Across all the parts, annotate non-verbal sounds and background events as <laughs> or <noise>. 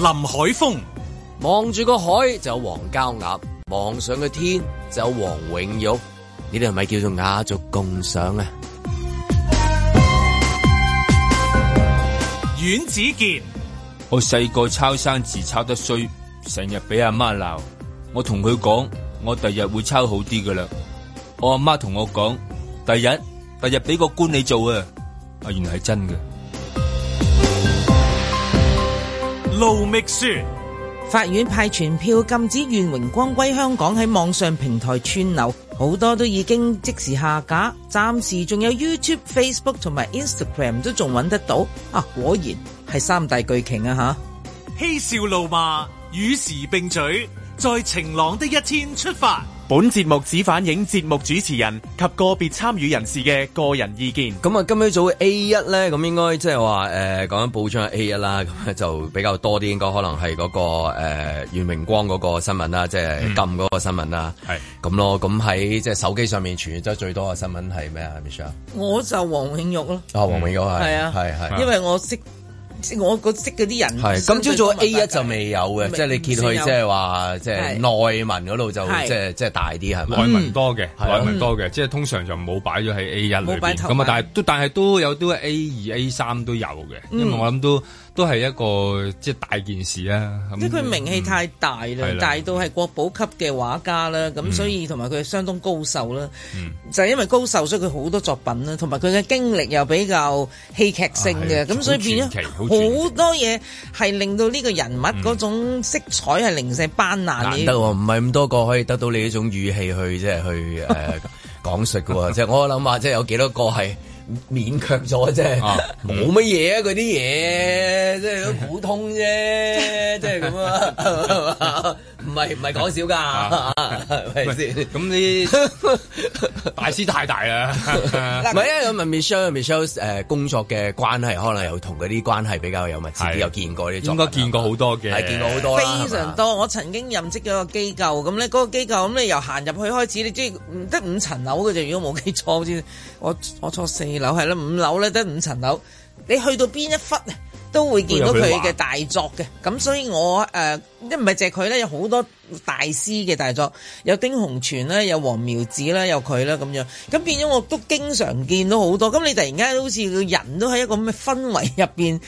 林海峰望住個海就有黃膠鴨，望上嘅天就有黃永玉，呢啲係咪叫做雅俗共賞啊？阮子杰，我細個抄生字抄得衰，成日俾阿媽鬧，我同佢講，我第日會抄好啲噶啦，我阿媽同我講，第日第日俾個官你做啊，啊原來係真嘅。盧覓雪說，法院派傳票禁止願榮光歸香港喺網上平台串流，好多都已經即時下架，暫時仲有 YouTube、Facebook 同埋 Instagram 都仲揾得到。啊，果然係三大巨擎啊！吓，嬉笑怒罵與時並舉，在晴朗的一天出發。本節目只反映節目主持人及個別參與人士嘅個人意見。咁啊，今日早 A 一咧，咁應該即係話誒，講緊報章 A 一啦，咁就比較多啲，應該可能係嗰、那個誒、呃、袁明光嗰個新聞啦，即、就、係、是、禁嗰個新聞啦，係咁咯。咁喺即係手機上面傳閱得最多嘅新聞係咩啊 m i c h e l 我就黃永玉咯。哦王嗯、啊，黃永玉係，係啊，係係、啊，啊、因為我識。即我個識嗰啲人係咁，朝早 A 一就未有嘅，即係你見到去即係話即係內文嗰度就即係是即係大啲係咪？嗯、內文多嘅、啊、內文多嘅，即係通常就冇擺咗喺 A 一裏邊咁啊！但係都但係都有啲 A 二 A 三都有嘅，因為我諗都。嗯都係一個即係大件事啦、啊，即係佢名氣太大啦，嗯、是大到係國寶級嘅畫家啦，咁、嗯、所以同埋佢相當高壽啦，嗯、就係因為高壽，所以佢好多作品啦，同埋佢嘅經歷又比較戲劇性嘅，咁、啊、所以變咗好多嘢係令到呢個人物嗰種色彩係零舍斑斕的。難得、哦，唔係咁多個可以得到你呢種語氣去即係 <laughs> 去誒講、呃、述嘅，即係 <laughs> 我諗下，即、就、係、是、有幾多個係。勉強咗啫，冇乜嘢啊！啲嘢即係都普通啫，即係咁啊，係嘛？唔係唔係講笑㗎，係咪先？咁你大師太大啦，唔係啊？我問 Michelle，Michelle 誒工作嘅關係，可能又同嗰啲關係比較有密切，又見過啲，應該見過好多嘅，係見過好多，非常多。我曾經任職嗰個機構咁咧，嗰個機構咁你由行入去開始，你即係得五層樓嘅啫，如果冇記錯，好似我我坐四。樓係啦，五樓咧得五層樓，你去到邊一忽都會見到佢嘅大作嘅。咁所以我誒，即唔係淨係佢咧，有好多大師嘅大作，有丁洪泉啦，有黃苗子啦，有佢啦咁樣。咁變咗我都經常見到好多。咁你突然間好似人都喺一個咁嘅氛圍入邊，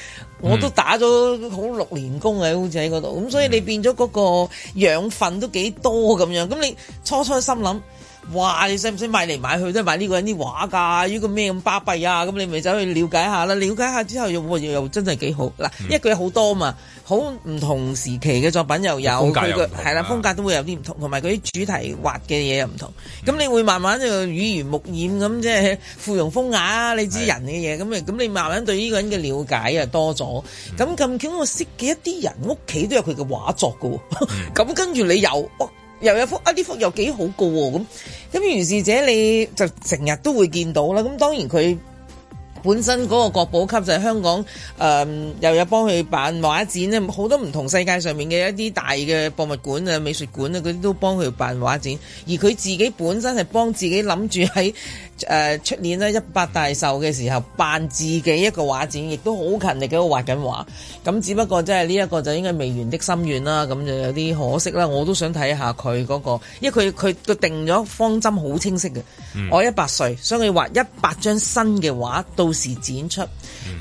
我都打咗好六年工嘅，好似喺嗰度。咁所以你變咗嗰個養分都幾多咁樣。咁你初初心諗。哇！你使唔使買嚟買去都係買呢個人啲畫㗎？呢個咩咁巴閉啊？咁你咪走去了解下啦。了解下之後又我又，又，又，又真係幾好嗱，因為佢好多嘛，好唔同時期嘅作品又有佢係啦，風格都會有啲唔同，同埋嗰啲主題畫嘅嘢又唔同。咁、嗯、你會慢慢就耳濡目染咁，即係附庸風雅啊！你知人嘅嘢咁咁，是的 你慢慢對呢個人嘅了解又多咗。咁咁巧我識嘅一啲人屋企都有佢嘅畫作嘅，咁、嗯、 <laughs> 跟住你又。又有幅啊！啲幅又幾好個喎、啊，咁咁於是者你就成日都會見到啦。咁當然佢本身嗰個國寶級就係香港誒、呃，又有幫佢辦畫展咧，好多唔同世界上面嘅一啲大嘅博物館啊、美術館啊嗰啲都幫佢辦畫展，而佢自己本身係幫自己諗住喺。誒出年咧一百大壽嘅時候，辦自己一個畫展，亦都好勤力喺度畫緊畫。咁只不過即係呢一個就應該未完的心願啦。咁就有啲可惜啦。我都想睇下佢嗰個，因為佢佢佢定咗方針好清晰嘅。我一百歲，所以佢畫一百張新嘅畫，到時展出。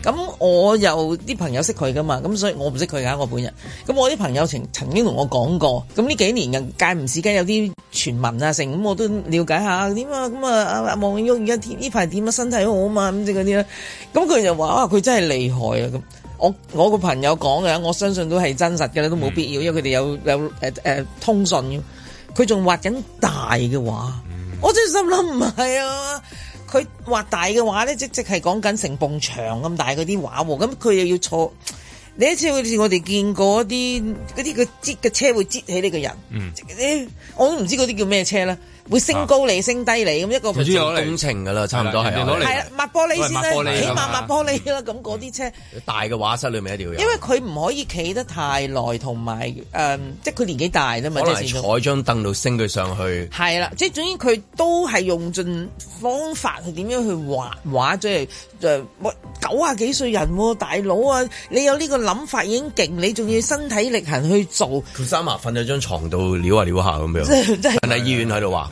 咁我有啲朋友識佢㗎嘛？咁所以我唔識佢㗎，我本人。咁我啲朋友曾曾經同我講過。咁呢幾年人介唔使驚，有啲傳聞啊，成咁我都了解下點啊。咁啊啊望。啊啊啊啊而家呢排點啊，身體好啊嘛，咁即嗰啲咧。咁佢就話：啊，佢真係厲害啊！咁我我個朋友講嘅，我相信都係真實嘅咧，都冇必要，因為佢哋有有誒誒、呃呃、通訊。佢仲畫緊大嘅畫，嗯、我真係心諗唔係啊！佢畫大嘅畫咧，即即係講緊成埲牆咁大嗰啲畫喎。咁佢又要坐，你一次好似我哋見過啲嗰啲佢擠嘅車會擠起呢個人，嗯、我都唔知嗰啲叫咩車咧。會升高你，升低你，咁、啊、一個工程噶啦，來來差唔多係啊。係抹玻璃先啦、啊，起碼抹玻璃啦、啊。咁嗰啲車大嘅畫室裏面一定要有，因為佢唔可以企得太耐，同埋誒，即係佢年紀大啦嘛。即係坐張凳度升佢上去係啦，即係，總之佢都係用盡方法去點樣去畫畫，即係誒，九、就是呃、啊幾歲人大佬啊，你有呢個諗法已經勁，你仲要身體力行去做。佢三啊，瞓咗張床度撩下撩下咁樣，喺醫院喺度話。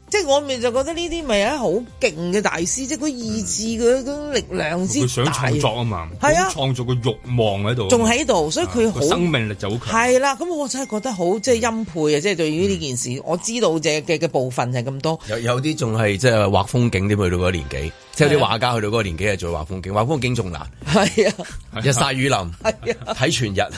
即係我咪就覺得呢啲咪係一好勁嘅大師，即係佢意志、嗰嗰力量先。嗯、佢想創作啊嘛，係啊，創作個欲望喺度，仲喺度，所以佢、啊、生命力就好強，係啦、啊，咁我真係覺得好即係欽佩啊！即係、嗯、對於呢件事，我知道嘅嘅嘅部分係咁多。嗯、有啲仲係即係畫風景，點去到嗰年紀，即係啲畫家去到個年紀係做畫風景，畫風景仲難，係啊， <laughs> 日晒雨淋，係啊，睇全日，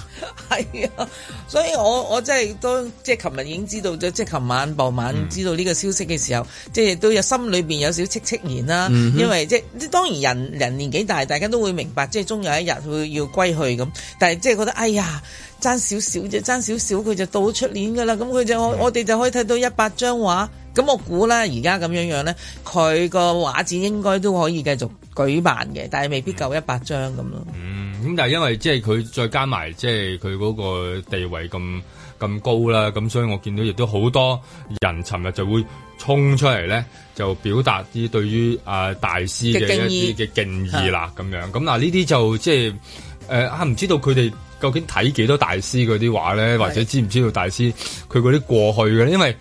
係啊，所以我我真係都即係琴日已經知道咗，即係琴晚傍晚知道呢個消息嘅時候。時候，即係都有心裏邊有少少戚戚然啦，因為即係當然人人年紀大，大家都會明白，即係終有一日佢會要歸去咁。但係即係覺得，哎呀，爭少少啫，爭少少佢就到出年噶啦。咁佢就我哋就可以睇到一百張畫。咁我估啦，而家咁樣樣咧，佢個畫展應該都可以繼續舉辦嘅，但係未必夠一百張咁咯。嗯，咁、嗯、但係因為即係佢再加埋，即係佢嗰個地位咁。咁高啦，咁所以我見到亦都好多人尋日就會衝出嚟咧，就表達啲對於大師嘅一啲嘅敬意啦，咁的樣咁嗱呢啲就即係誒，啊、呃，唔知道佢哋究竟睇幾多大師嗰啲話咧，或者知唔知道大師佢嗰啲過去嘅咧，因為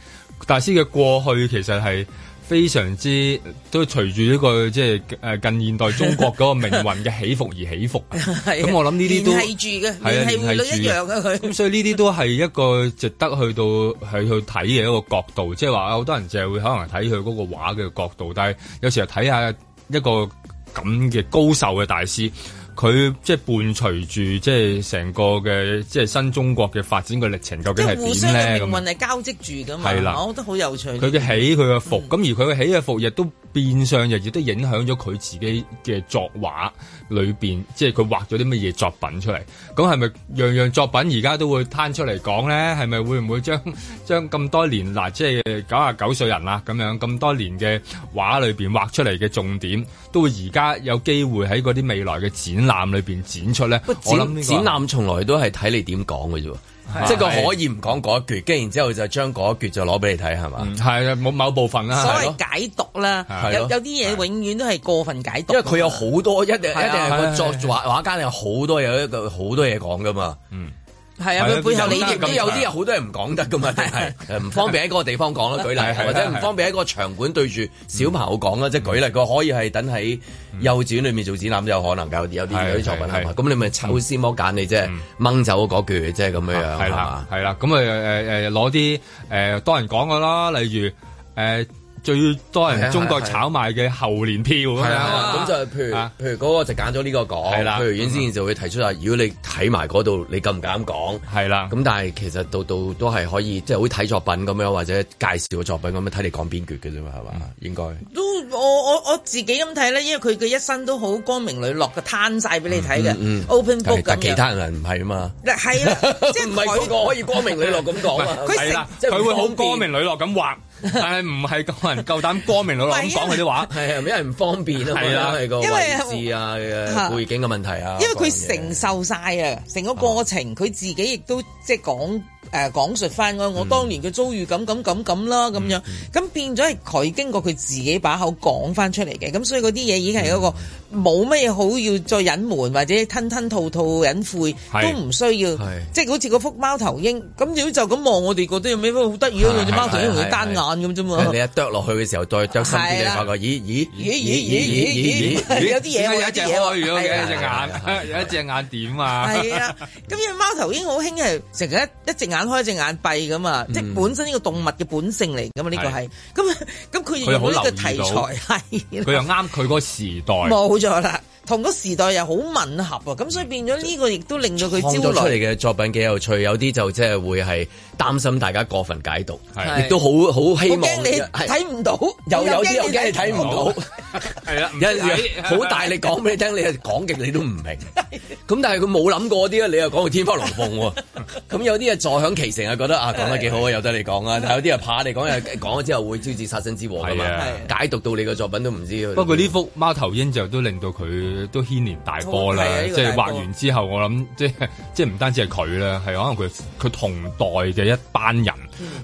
大師嘅過去其實係。非常之都隨住一個即係誒近現代中國嗰個命運嘅起伏而起伏，咁、 <laughs> 啊、我諗呢啲都連繫住嘅，啊、係連繫住嘅。咁所以呢啲都係一個值得去到去去睇嘅一個角度， <laughs> 即係話好多人淨係會可能睇佢嗰個畫嘅角度，但係有時候睇下一個咁嘅高手嘅大師。佢即係伴隨住即係成個嘅即係新中國嘅發展嘅歷程，究竟係點咧？咁，即係互相嘅命運係交織住咁嘛？係啦的，我、哦、都好有趣。佢嘅起佢伏，佢嘅伏，咁而佢嘅起嘅伏亦都。變相亦都影響咗佢自己嘅作畫裏面，即係佢畫咗啲乜嘢作品出嚟。咁係咪樣樣作品而家都會攤出嚟講咧？係咪會唔會將將咁多年嗱，即係九十九、就是、歲人啦咁樣咁多年嘅畫裏面畫出嚟嘅重點，都會而家有機會喺嗰啲未來嘅展覽裏面展出咧？展展覽從來都係睇你點講嘅啫。即係佢可以唔講嗰一橛，跟住然之後就將嗰一橛就攞俾你睇，係嘛？係啊、嗯，冇某，某部分啦。所謂解讀啦，的有的有啲嘢永遠都係過分解讀。因為佢有好多一的一定係佢作畫畫的家有好多有一好多嘢講噶嘛。嗯。係啊，佢背後你亦都有啲，有好多人唔講得噶嘛，係係，唔方便喺嗰個地方講啦，舉例，或者唔方便喺個場館對住小朋友講啦，即係舉例，佢可以係等喺幼稚園裏面做展覽都有可能，有有啲嗰啲作品啊嘛，咁你咪抽絲剝繭你即係掹走嗰句即係咁樣樣係啦，係啦，咁咪誒誒攞啲誒多人講噶啦，例如誒。最多人中國炒賣嘅猴年票，咁咁就譬如譬如，嗰個就揀咗呢個講，譬如尹思燕就會提出話：如果你睇埋嗰度，你敢唔敢講？係啦，咁但係其實到到都係可以，即係好似睇作品咁樣，或者介紹個作品咁樣，睇你講邊句嘅啫嘛，係嘛？應該都我我我自己咁睇咧，因為佢嘅一生都好光明磊落嘅，攤晒俾你睇嘅 open book 其他人唔係啊嘛，係啦，即係唔係個可以光明磊落咁講啊？佢會好光明磊落咁畫。但係唔係個人夠膽光明磊落咁講佢啲話，係啊，因為唔方便啊，係啦，係個位置啊、背景嘅問題啊。因為佢承受晒啊，成個過程，佢自己亦都即係講誒講述翻我我當年嘅遭遇，咁咁咁咁啦，咁樣咁變咗係佢經過佢自己把口講翻出嚟嘅，咁所以嗰啲嘢已經係一個冇咩好要再隱瞞或者吞吞吐吐隱晦，都唔需要，即係好似嗰幅貓頭鷹咁樣就咁望我哋，覺得有咩好得意咯，兩隻貓頭鷹佢單眼。咁啫你一啄落去嘅時候，再啄身邊嘅發覺，咦咦咦咦咦咦咦，有啲嘢，點解有一隻開咗嘅，一隻眼，有一隻眼點啊？係啊，咁因為貓頭鷹好興係成日一隻眼開，一隻眼閉咁嘛，即係本身呢個動物嘅本性嚟噶嘛，呢個係，咁咁佢佢好留意到，佢又啱佢個時代，冇咗啦。同個時代又好吻合啊，咁所以變咗呢個亦都令到佢，創作出嚟嘅作品幾有趣，有啲就即係會係擔心大家過分解讀，亦都好好希望驚你睇唔到，又有啲又驚你睇唔到，係啦，好大力你講俾你聽，你講極你都唔明。咁但係佢冇諗過啲咧，你又講到天花龍鳳喎，咁有啲嘢坐享其成啊，覺得啊講得幾好啊，有得你講啊，但有啲又怕你講講咗之後會招致殺身之禍㗎嘛，解讀到你嘅作品都唔知。不過呢幅貓頭鷹就都令到佢。都牽連大波啦，即係畫完之後，我諗即係即係唔單止係佢啦，係可能佢佢同代嘅一班人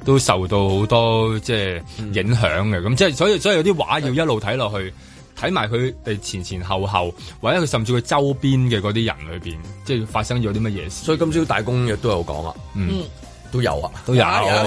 都受到好多即係影響嘅，咁即係所以所以有啲畫要一路睇落去，睇埋佢哋前前後後，或者佢甚至佢周邊嘅嗰啲人裏邊，即係發生咗啲乜嘢事。所以今朝大公亦都有講啊，嗯，都有啊，都有有有有有。呢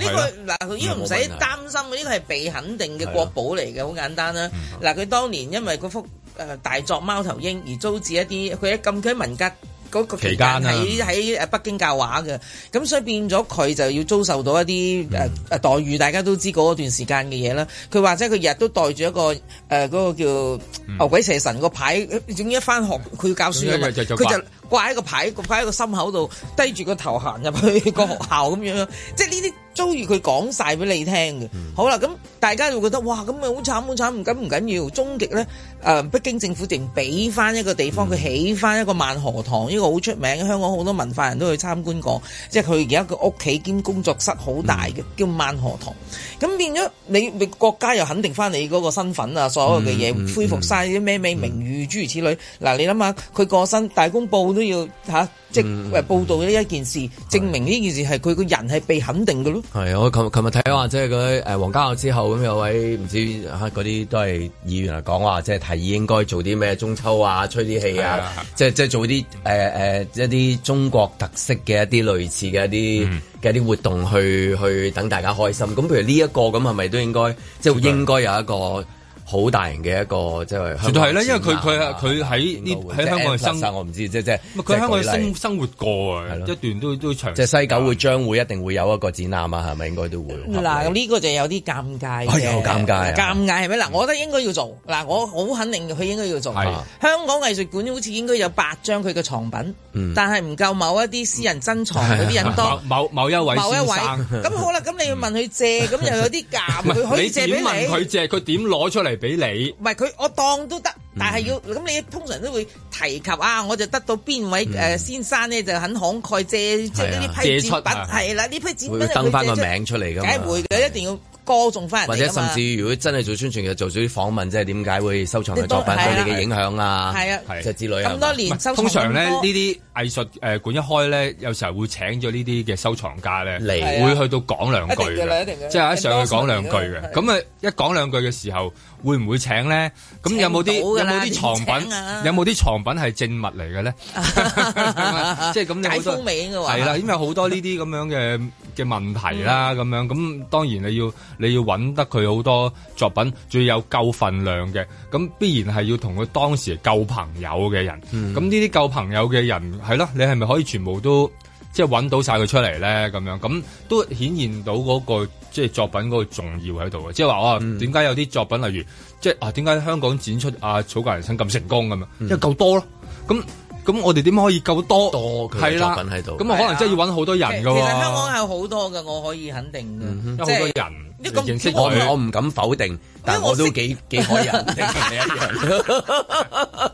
個嗱，呢個唔使擔心，呢個係被肯定嘅國寶嚟嘅，好簡單啦。嗱，佢當年因為嗰幅。誒、呃、大作貓頭鷹而遭致一啲佢喺禁區文革嗰個期間喺、啊、喺北京教畫嘅，咁所以變咗佢就要遭受到一啲誒、呃、待遇，大家都知嗰段時間嘅嘢啦。佢或者佢日日都帶住一個誒嗰、呃那個叫牛鬼蛇神個牌，整一返學佢要教書，佢就，就，就，就。掛喺個牌，掛喺個心口度，低住個頭行入去個學校咁樣，即係呢啲遭遇佢講晒俾你聽嘅。嗯、好啦，咁大家會覺得哇，咁咪好慘好慘，唔緊唔緊要。終極咧，誒、呃，北京政府淨俾翻一個地方，佢起翻一個萬荷堂，呢、這個好出名，香港好多文化人都去參觀過。即係佢而家個屋企兼工作室好大嘅，嗯、叫萬荷堂。咁變咗你，你國家又肯定翻你嗰個身份啊，所有嘅嘢恢復晒啲咩咩名譽諸如此類。嗱、啊，你諗下佢過身大公報都。都要嚇，啊，即係報道呢一件事，嗯嗯，證明呢件事係佢個人係被肯定嘅咯。係，我琴日琴日睇下，即係佢啲誒黃家華之後咁有位唔知嚇嗰啲都係議員嚟講話，即係提議應該做啲咩中秋啊，吹啲氣啊，即係即係做啲誒誒一啲中國特色嘅一啲類似嘅一啲嘅，嗯、一啲活動去去等大家開心。咁譬如呢，這，一個咁係咪都應該即係，就是，應該有一個？好大型嘅一個即係，絕對係咧，因為佢佢佢喺呢喺香港係生，我唔知即即。咪佢香港係生生活過啊一段都都長。即西九會將會一定會有一個展覽啊，係咪應該都會？嗱，呢個就有啲尷尬嘅。尷尬啊！尷尬係咪？嗱，我覺得應該要做嗱，我好肯定佢應該要做。香港藝術館好似應該有八張佢嘅藏品，但係唔夠某一啲私人珍藏嗰啲人多。某某一位某一位。咁好啦，咁你要問佢借，咁又有啲價，佢可以借俾你。佢借，佢點攞出嚟？俾你，唔係佢，我當都得，但係要咁你通常都會提及啊，我就得到邊位誒先生咧，就很慷慨借即呢批展品，係啦，呢批展品會登翻個名出嚟噶嘛，解會嘅一定要歌頌翻，或者甚至如果真係做宣傳，其實做咗啲訪問，即係點解會收藏佢作品，對你嘅影響啊，係啊，係之類，咁多年通常咧，呢啲藝術誒館一開咧，有時候會請咗呢啲嘅收藏家咧嚟，會去到講兩句，即係一上去講兩句嘅，咁啊一講兩句嘅時候。會唔會請咧？咁有冇啲有冇啲藏品，啊、有冇啲藏品係證物嚟嘅咧？即係咁，你好多係啦。因為有好多呢啲咁樣嘅嘅問題啦。咁樣咁，當然你要你要揾得佢好多作品，最有夠份量嘅。咁必然係要同佢當時夠朋友嘅人。咁呢啲夠朋友嘅人，係咯？你係咪可以全部都即係揾到晒佢出嚟咧？咁樣咁都顯現到嗰、那個。即係作品嗰個重要喺度嘅，即係話啊，點解、嗯、有啲作品例如，即、就、係、是、啊，點解香港展出啊草芥人生咁成功咁樣？因為夠多咯，咁咁我哋點可以夠多係啦作品喺度，咁啊可能真係要揾好多人㗎喎、啊啊。其實香港係好多嘅，我可以肯定有好、嗯、哼多人、就是、認識佢。我唔敢否定。但係我都幾幾開人，你同你一樣。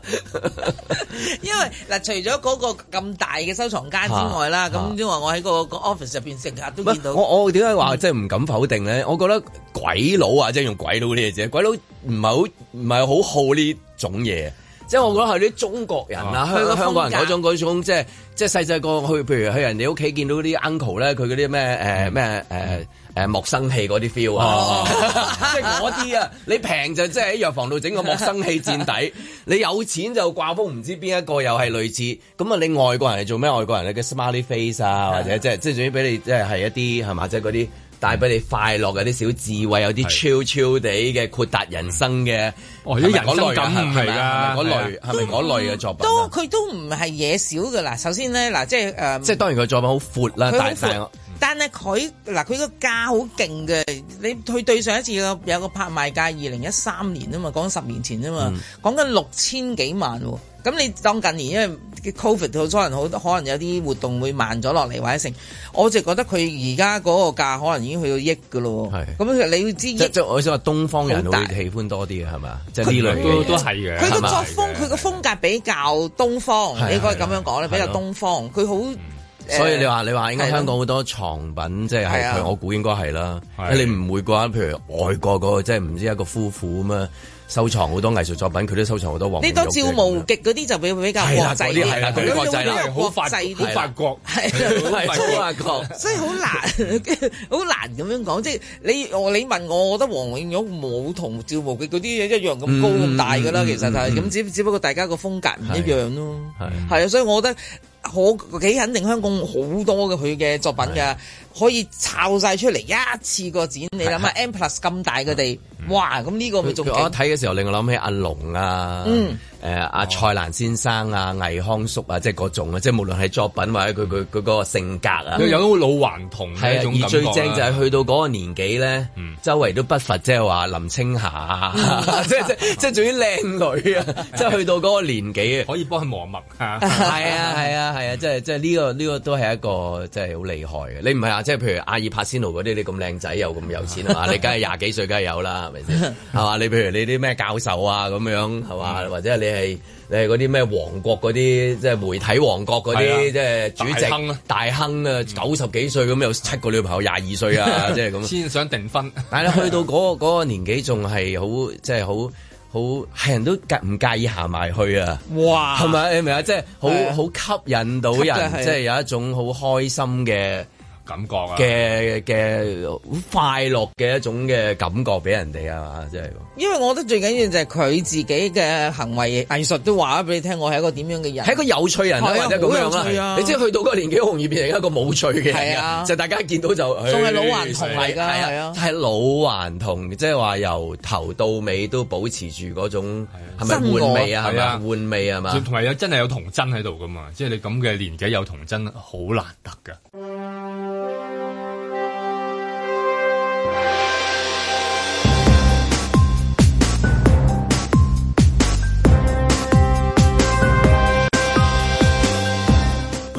因為嗱，除咗嗰個咁大嘅收藏間之外啦，咁因為我喺個個 office 入邊成日都見到。我我點解話即係唔敢否定咧？我覺得鬼佬啊，即係用鬼佬呢隻字，鬼佬唔係好唔係好好呢種嘢。即係我覺得係啲中國人啊，香香港人嗰種嗰種，即係即係細細個去，譬如去人哋屋企見到啲 uncle 咧，佢嗰啲咩誒咩誒。誒，莫生氣嗰啲 feel 啊，即係嗰啲啊，你平就即係喺藥房度整個莫生氣墊底，你有錢就掛風唔知邊一個又係類似咁啊！你外國人係做咩？外國人咧嘅 Smiley Face 啊，或者即係即係總之俾你即係係一啲係嘛，即係嗰啲帶俾你快樂嘅啲小智慧，有啲超超地嘅豁達人生嘅，哦，嗰類係咪啊？嗰類係咪嗰類嘅作品？都佢都唔係嘢少㗎啦，首先咧嗱，即係誒，即係當然佢作品好闊啦，但係。但係佢嗱佢個價好勁嘅，你去對上一次有一個拍賣價，二零一三年啊嘛，講十年前啫嘛，講緊六千幾萬喎。咁你當近年因為 COVID 好多人好，可能有啲活動會慢咗落嚟或者成，我就覺得佢而家嗰個價可能已經去到億㗎咯。咁是，你會知億即，我想話東方人會喜歡多啲嘅係嘛？即係呢兩樣，是都都係嘅。佢個作風，佢個的風格比較東方，應該咁樣講咧，的比較東方，佢好。嗯所以你話你話應該香港好多藏品，即係我估應該係啦。你唔會啩？譬如外國嗰個，即係唔知一個夫婦咁樣收藏好多藝術作品，佢都收藏好多黃永玉。你當趙無極嗰啲就比比較國際啲，係啦，國際啦，好國際啲，法國係，好法國，所以好難，好難咁樣講。即係你，你問我，我覺得黃永玉冇同趙無極嗰啲一樣咁高咁大噶啦。其實就係咁，只只不過大家個風格唔一樣咯。係啊，所以我覺得。我幾肯定香港好多嘅佢嘅作品嘅。可以抄晒出嚟一次個展，你諗下 M+ 咁大嘅地，哇！咁呢個咪仲我睇嘅時候令我諗起阿龍啊，誒阿蔡瀾先生啊、倪匡叔啊，即係嗰種啊，即係無論係作品或者佢佢佢嗰個性格啊，佢有種老頑童係啊，種。而最正就係去到嗰個年紀咧，周圍都不乏即係話林青霞，即係即係仲啲靚女啊，即係去到嗰個年紀可以幫佢磨墨啊，係啊係啊係啊，即係即係呢個呢個都係一個即係好厲害嘅，你唔係啊？即係譬如阿爾帕仙奴嗰啲，你咁靚仔又咁有錢啊嘛，你梗係廿幾歲梗係有啦，係咪先？係嘛？你譬如你啲咩教授啊咁樣，係嘛？或者你係你係嗰啲咩王國嗰啲，即係媒體王國嗰啲，即係主席大亨啊，九十幾歲咁有七個女朋友，廿二歲啊，即係咁。先想訂婚，但係你去到嗰個年紀，仲係好即係好好，係人都介唔介意行埋去啊？哇！係咪？你明啊？即係好好吸引到人，即係有一種好開心嘅。感覺啊，嘅嘅快樂嘅一種嘅感覺俾人哋啊嘛，即係。因為我覺得最緊要就係佢自己嘅行為藝術都話咗俾你聽，我係一個點樣嘅人，係一個有趣人啦，或者咁樣啊。你知去到個年紀好容易變成一個冇趣嘅人啊。就大家見到就仲係老頑童嚟噶，係啊，係老頑童，即係話由頭到尾都保持住嗰種係咪換味啊，係咪換味啊嘛，同埋有真係有童真喺度噶嘛，即係你咁嘅年紀有童真好難得噶。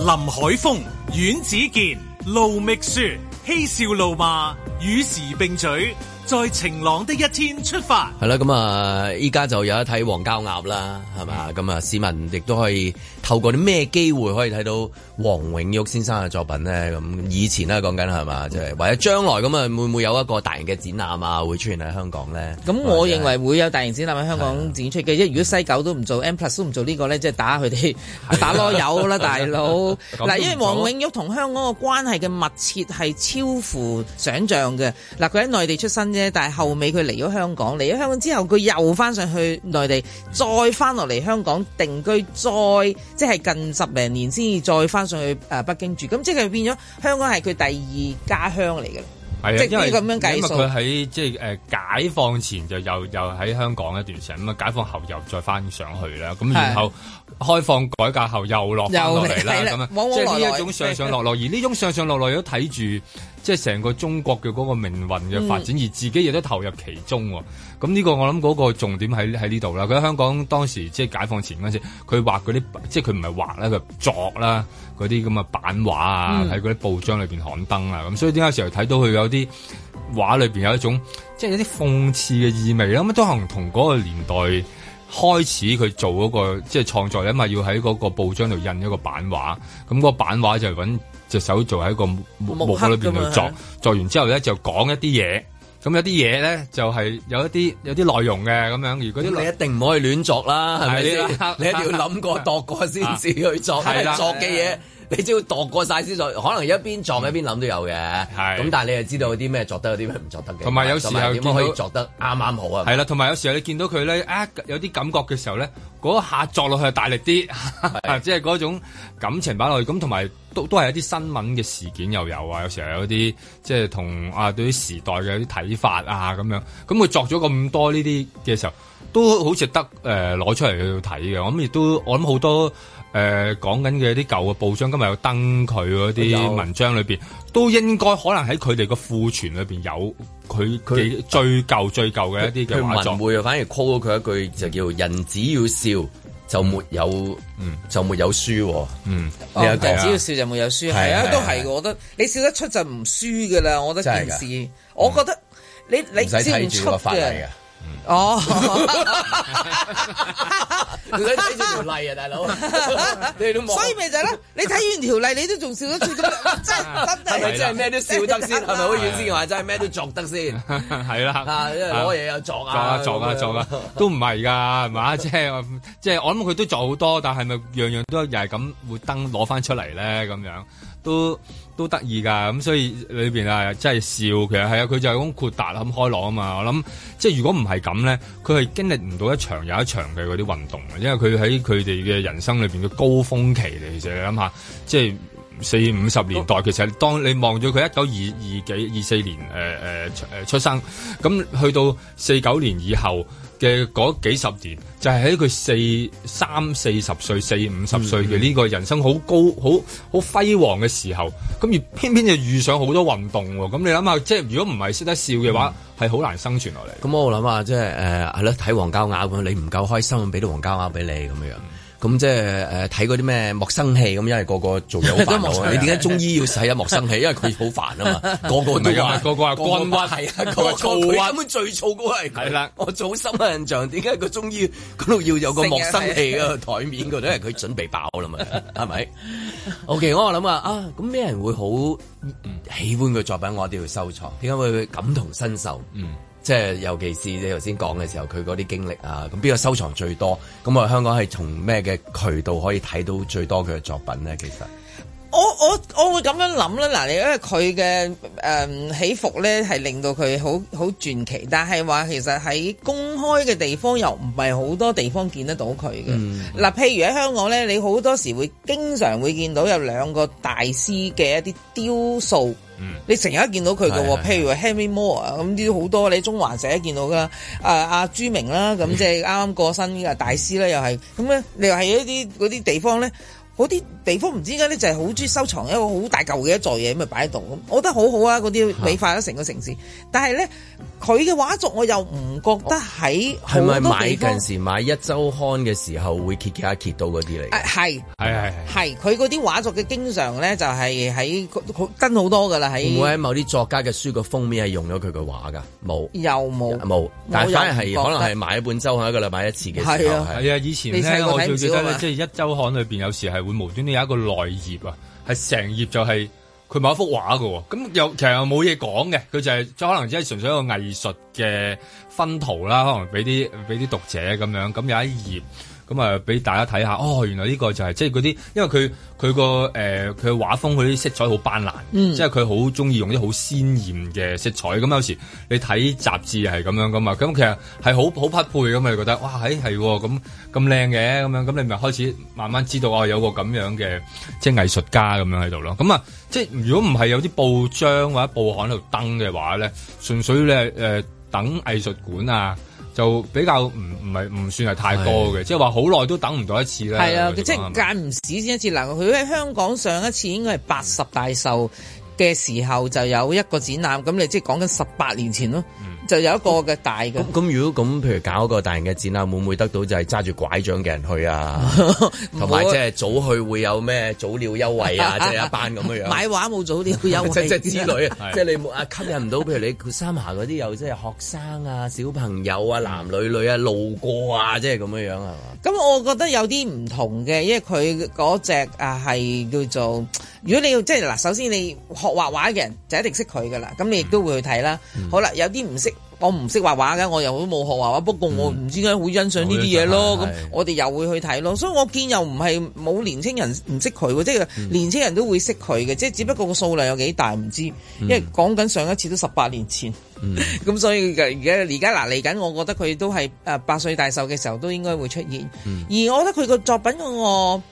林海峰、阮子健、盧覓雪、嬉笑怒罵，與時並舉，在晴朗的一天出發。係啦，咁啊，依家就有一睇黃膠鴨啦，係嘛，咁啊對，市民亦都可以。透過啲咩機會可以睇到黃永玉先生嘅作品咧？咁以前啦，講緊係嘛，即係或者將來咁啊，會唔會有一個大型嘅展覽啊會出現喺香港咧？咁我認為會有大型展覽喺香港展出嘅，即的如果西九都唔做，Mplus 的都唔做呢個咧，即係打佢哋的打攞油啦，大佬。嗱， <laughs> 因為黃永玉同香港嘅關係嘅密切係超乎想象嘅。嗱，佢喺內地出身啫，但係後尾佢嚟咗香港，嚟咗香港之後，佢又翻上去內地，再翻落嚟香港定居，再。即係近十零年先至再翻上去誒北京住，咁即係變咗香港係佢第二家鄉嚟嘅。係啊的，即係咁樣計佢喺即係誒解放前就又又喺香港一段時間，咁啊解放後又再翻上去啦，咁的然後開放改革後又落翻落嚟啦，咁啊，即係呢一種上上落落，的而呢種上上落落都睇住。 <laughs> 即係成個中國嘅嗰個命運嘅發展，而自己亦都投入其中喎。咁呢、嗯、個我諗嗰個重點喺喺呢度啦。佢喺香港當時即係解放前嗰陣時，佢畫嗰啲即係佢唔係畫啦，佢作啦嗰啲咁嘅版畫啊，喺嗰啲報章裏邊刊登啊。咁、嗯、所以點解成日睇到佢有啲畫裏邊有一種即係有啲諷刺嘅意味咧？咁都可能同嗰個年代開始佢做嗰、嗰個即係創作咧，因為要喺嗰個報章度印一個版畫，咁、那、嗰、個、版畫就係揾隻手做喺個木盒裏面去作，作的完之後咧就講一啲嘢。咁有啲嘢咧就係、是、有一啲有啲內容嘅咁樣。如果啲你一定唔可以亂作啦，係咪先？ <laughs> 你一定要諗過 <laughs> 度過先至去作，係啦，作嘅嘢。 <laughs> 你只要度過晒先，可能一邊撞一邊諗都有嘅。咁、嗯，但係你係知道啲咩作得，有啲咩唔作得嘅。同埋有時候點樣可以作得啱啱好啊？係啦、嗯，同埋有時候你見到佢咧啊，有啲感覺嘅時候咧，嗰下作落去大力啲即係嗰種感情擺落去。咁同埋都都係一啲新聞嘅事件又有啊。有時候有啲即係同啊，對於時代嘅啲睇法啊咁樣。咁、嗯、佢作咗咁多呢啲嘅時候，都好值得、呃、攞出嚟去睇嘅。我諗亦都，我諗好多。誒，講緊嘅啲舊嘅報章，今日有登佢嗰啲文章裏邊，都應該可能喺佢哋個庫存裏邊有佢佢最舊最舊嘅一啲佢文會啊，反而 call 佢一句就叫人只要笑就沒有，嗯，就沒有輸，嗯，人只要笑就沒有輸。係啊，都係，我覺得你笑得出就唔輸噶啦，我覺得件事，我覺得你你唔使睇住個範啊哦，睇睇住條例啊，大佬，你都冇，所以咪就係咯，你睇完條例你都仲笑得住，真真係，係咪真係咩都笑得先？係咪好遠先嘅話真係咩都作得先？係啦，啊，攞嘢又作啊，作啊作啊作啊，都唔係㗎，係嘛？即係即係我諗佢都作好多，但係咪樣樣都又係咁活登攞翻出嚟咧？咁樣。都都得意噶，咁所以裏邊啊真係笑，其實係啊，佢就係咁豁達咁開朗啊嘛。我諗即係如果唔係咁咧，佢係經歷唔到一場又一場嘅嗰啲運動，因為佢喺佢哋嘅人生裏邊嘅高峰期嚟。其實你諗下，即係四五十年代，哦、其實當你望咗佢一九二二幾二四年誒誒誒出生，咁去到四九年以後。嘅嗰幾十年，就係喺佢四三四十歲、四五十歲嘅呢個人生好高、好好輝煌嘅時候，咁而偏偏就遇上好多運動喎。咁你諗下，即係如果唔係識得笑嘅話，係好、嗯、難生存落嚟。咁、嗯、我諗下，即係誒係咯，睇、呃、黃膠鴨咁，你唔夠開心，俾啲黃膠鴨俾你咁樣。咁即係誒，睇嗰啲咩莫生氣，咁，因為個個做嘢，好煩。你點解中醫要使一莫生氣？因為佢好煩啊嘛，一個，一個，那個、 <laughs> 個個都是家乾 個啊，個個話肝鬱係啊，燥啊，根本最燥嗰個係。係啦，我早深嘅印象，點解個中醫嗰度要有個莫生氣台面嗰度？因為佢準備爆啦嘛，係咪？OK，我諗啊，啊咁咩人會好喜歡嘅作品？我一定要收藏，點解會感同身受？嗯。即係尤其是你頭先講嘅時候，佢嗰啲經歷啊，咁邊個收藏最多？咁啊，香港係從咩嘅渠道可以睇到最多嘅作品呢？其實我我我會咁樣諗啦，嗱，你因為佢嘅誒起伏咧，係令到佢好好傳奇，但係話其實喺公開嘅地方又唔係好多地方見得到佢嘅。嗱、嗯，譬如喺香港咧，你好多時會經常會見到有兩個大師嘅一啲雕塑。你成日都見到佢嘅喎，嗯、譬如 Henry Moore 啊，咁呢啲好多你中環成日見見到啦，啊阿朱銘啦，咁即係啱啱過身個、嗯、大師啦，又係咁咧，你話係一啲嗰啲地方咧，嗰啲地方唔知點解咧就係好鍾意收藏一個好大嚿嘅一座嘢咁咪擺喺度，咁我覺得好好啊嗰啲美化咗成個城市，啊、但係咧。佢嘅畫作我又唔覺得喺係咪買近時買一週刊嘅時候會揭一揭下揭到嗰啲嚟？係係係係佢嗰啲畫作嘅經常呢，就係喺跟好多㗎喇，喺唔會喺某啲作家嘅書嘅封面係用咗佢嘅畫㗎。冇又冇冇，但係反而係可能係買本週刊一個禮拜買一次嘅時候係，啊以前咧我最記得咧，即係一週刊裏面有時係會無端端有一個內頁呀，係成頁就係、是。佢冇一幅畫嘅，咁又其實又冇嘢講嘅，佢就係、是、即可能只係純粹一個藝術嘅熏陶啦，可能俾啲俾啲讀者咁樣，咁有一頁。咁啊，俾大家睇下，哦，原來呢個就係、是、即係嗰啲，因為佢佢個誒佢嘅畫風，佢啲色彩好斑斕，嗯、即係佢好中意用啲好鮮艷嘅色彩。咁、嗯、有時你睇雜誌係咁樣噶嘛，咁、嗯、其實係好好匹配咁，你覺得哇係喎，咁咁靚嘅咁樣咁、嗯、你咪開始慢慢知道哦，有個咁樣嘅即係藝術家咁樣喺度咯。咁、嗯、啊，即係如果唔係有啲報章或者報刊喺度登嘅話咧，純粹你、呃、等藝術館啊。就比較唔唔係唔算係太多嘅，係啊、即係話好耐都等唔到一次咧。係啊，才即係間唔時先一次。嗱，佢喺香港上一次應該係八十大壽嘅時候就有一個展覽，咁、嗯、你即係講緊十八年前咯。嗯就有一個嘅大嘅。咁如果咁，譬如搞一個大型嘅展啊，會唔會得到就係揸住拐杖嘅人去啊？同埋即係早去會有咩早鳥優惠啊？即係 <laughs> 一班咁樣。買畫冇早鳥優惠 <laughs> 之類，即係即係子女，即係你吸引唔到，譬 <laughs> 如你三亞嗰啲有即係學生啊、小朋友啊、男女女啊、路過啊，即係咁嘅樣係嘛？咁我覺得有啲唔同嘅，因為佢嗰隻啊係叫做，如果你要，即係嗱，首先你學畫畫嘅人就一定識佢㗎喇，咁你亦都會去睇啦。嗯、好啦，有啲唔識。我唔識畫畫嘅，我又都冇學畫畫。不過我唔知點解會欣賞呢啲嘢咯。咁、嗯、我哋又會去睇咯。是是所以我見又唔係冇年輕人唔識佢，嗯、即係年輕人都會識佢嘅。即係只不過個數量有幾大唔知。因為講緊上一次都十八年前，咁、嗯、 <laughs> 所以而家而家嗱嚟緊，我覺得佢都係誒百歲大壽嘅時候都應該會出現。嗯、而我覺得佢個作品我。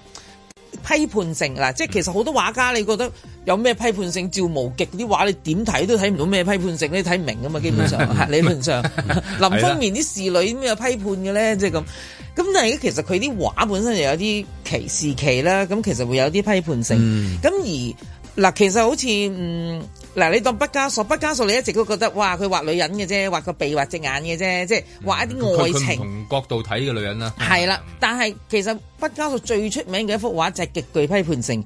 批判性，即係其實好多畫家，你覺得有咩批判性？趙無極啲畫你點睇都睇唔到咩批判性，你睇唔明噶嘛？基本上， <laughs> 理論上， <laughs> <laughs> 林風眠啲侍女有批判嘅咧，即係咁。咁但係其實佢啲畫本身又有啲歧視期啦，咁其實會有啲批判性。咁 <laughs> 而嗱，其實好似嗯。嗱，你當畢加索，畢加索你一直都覺得，哇，佢畫女人嘅啫，畫個鼻畫隻，畫隻眼嘅啫，即係畫一啲愛情。嗯、同角度睇嘅女人啦。係啦的，嗯、但係其實畢加索最出名嘅一幅畫就係極具批判性。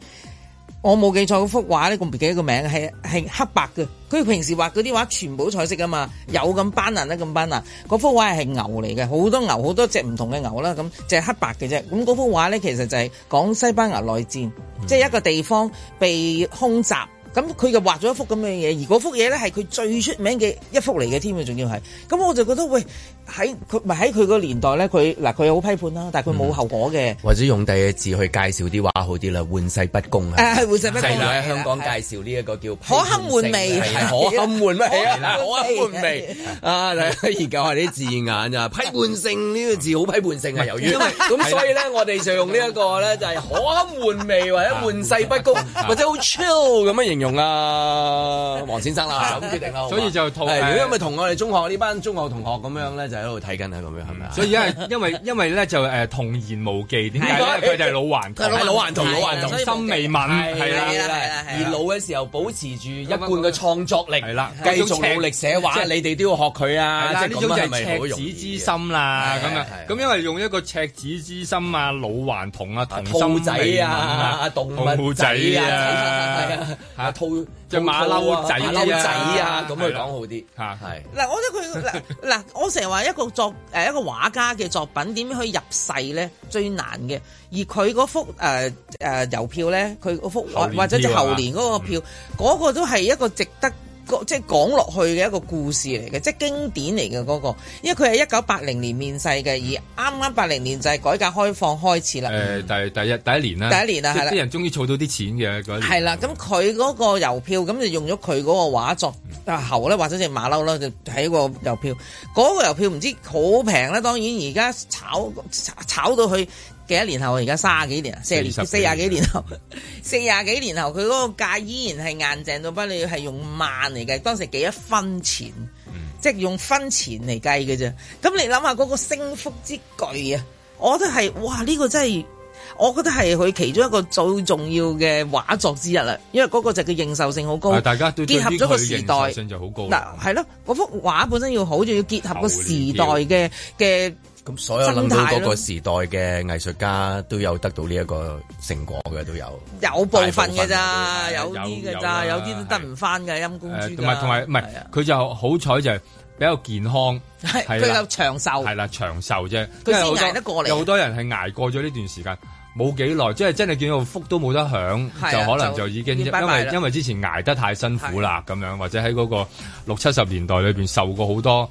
我冇記錯幅畫呢咁唔記得個名，係係黑白嘅。佢平時畫嗰啲畫全部彩色噶嘛，嗯、有咁斑斕咧咁斑斕。嗰幅畫係牛嚟嘅，好多牛，好多隻唔同嘅牛啦，咁就係黑白嘅啫。咁嗰幅畫呢，其實就係講西班牙內戰，嗯、即係一個地方被空襲。咁佢就畫咗一幅咁嘅嘢，而嗰幅嘢咧係佢最出名嘅一幅嚟嘅添啊，仲要係，咁我就覺得喂，喺佢咪喺佢個年代咧，佢嗱佢好批判啦，但係佢冇後果嘅。或者用第嘅字去介紹啲畫好啲啦，玩世不恭係，誒，玩世不恭。喺香港介紹呢一個叫可堪換味可堪換味可堪換味啊！研究下啲字眼啊，批判性呢個字好批判性啊，由於咁所以咧，我哋就用呢一個咧就係可堪換味或者玩世不恭或者好 chill 咁樣形用啊，黃先生啦，咁決定咯。所以就同，因為同我哋中學呢班中學同學咁樣咧，就喺度睇緊啊咁樣，係咪啊？所以因為因為因為咧就誒童言無忌，點解？因為佢哋係老頑童，老頑童老頑童，心未泯係啦，而老嘅時候保持住一貫嘅創作力係啦，繼續努力寫畫，即係你哋都要學佢啊！即係呢種係赤子之心啦，咁啊，咁因為用一個赤子之心啊，老頑童啊，同兔仔啊，動物仔啊。套兔隻馬騮仔馬騮仔啊，咁佢講好啲吓係。嗱了是我覺得佢嗱嗱我成日話一個作誒一個畫家嘅作品點樣可以入世咧最難嘅，而佢嗰幅誒誒、呃呃呃、郵票咧，佢嗰幅、啊、或者猴年嗰個票，嗰、嗯、個都係一個值得。即係講落去嘅一個故事嚟嘅，即係經典嚟嘅嗰個，因為佢係一九八零年面世嘅，而啱啱八零年就係改革開放開始啦。誒、呃，第第一第，第一年啦，第一年啦，係啦嘅，啲人終於儲到啲錢嘅嗰係啦。咁佢嗰個郵票，咁就用咗佢嗰個畫作、嗯、猴咧，或者隻馬騮啦，就睇，嗰個郵票唔知。嗰個郵票唔知好平啦，當然而家炒炒炒到去。幾多年後？而家卅幾年啊，四廿年，四廿幾年後，十年四廿幾年後，佢嗰 <laughs> 個價依然係硬淨到不你係用萬嚟計，當時幾多分錢，嗯、即係用分錢嚟計嘅啫。咁你諗下嗰個升幅之巨啊！我覺得係哇，呢、這個真係，我覺得係佢其中一個最重要嘅畫作之一啦。因為嗰個就叫認受性好高，對對對，結合咗個時代個性就好高。嗱，係咯，嗰幅畫本身要好，仲要結合個時代嘅嘅。咁所有諗到嗰個時代嘅藝術家都有得到呢一個成果嘅？都有有部分嘅咋，有啲嘅咋，有啲都得唔翻嘅陰公豬。同埋同埋唔係佢就好彩就係比較健康，係比較長壽，係啦長壽啫。佢先捱得過嚟。有好多人係捱過咗呢段時間，冇幾耐，即係真係見到福都冇得享，就可能就已經因為因為之前捱得太辛苦啦咁樣，或者喺嗰個六七十年代裏邊受過好多。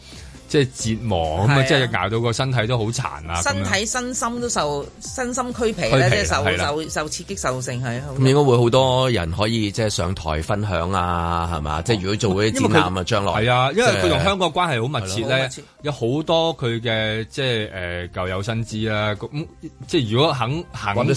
即係折磨咁啊！即係熬到個身體都好殘啊。身體身心都受身心俱疲啦，即係受受受刺激受性。係。咁應該會好多人可以即係上台分享啊，係嘛？即係如果做嗰啲展覽啊，將來係啊，因為佢同香港嘅關係好密切咧，有好多佢嘅即係誒舊友新知啦。咁即係如果肯肯講，香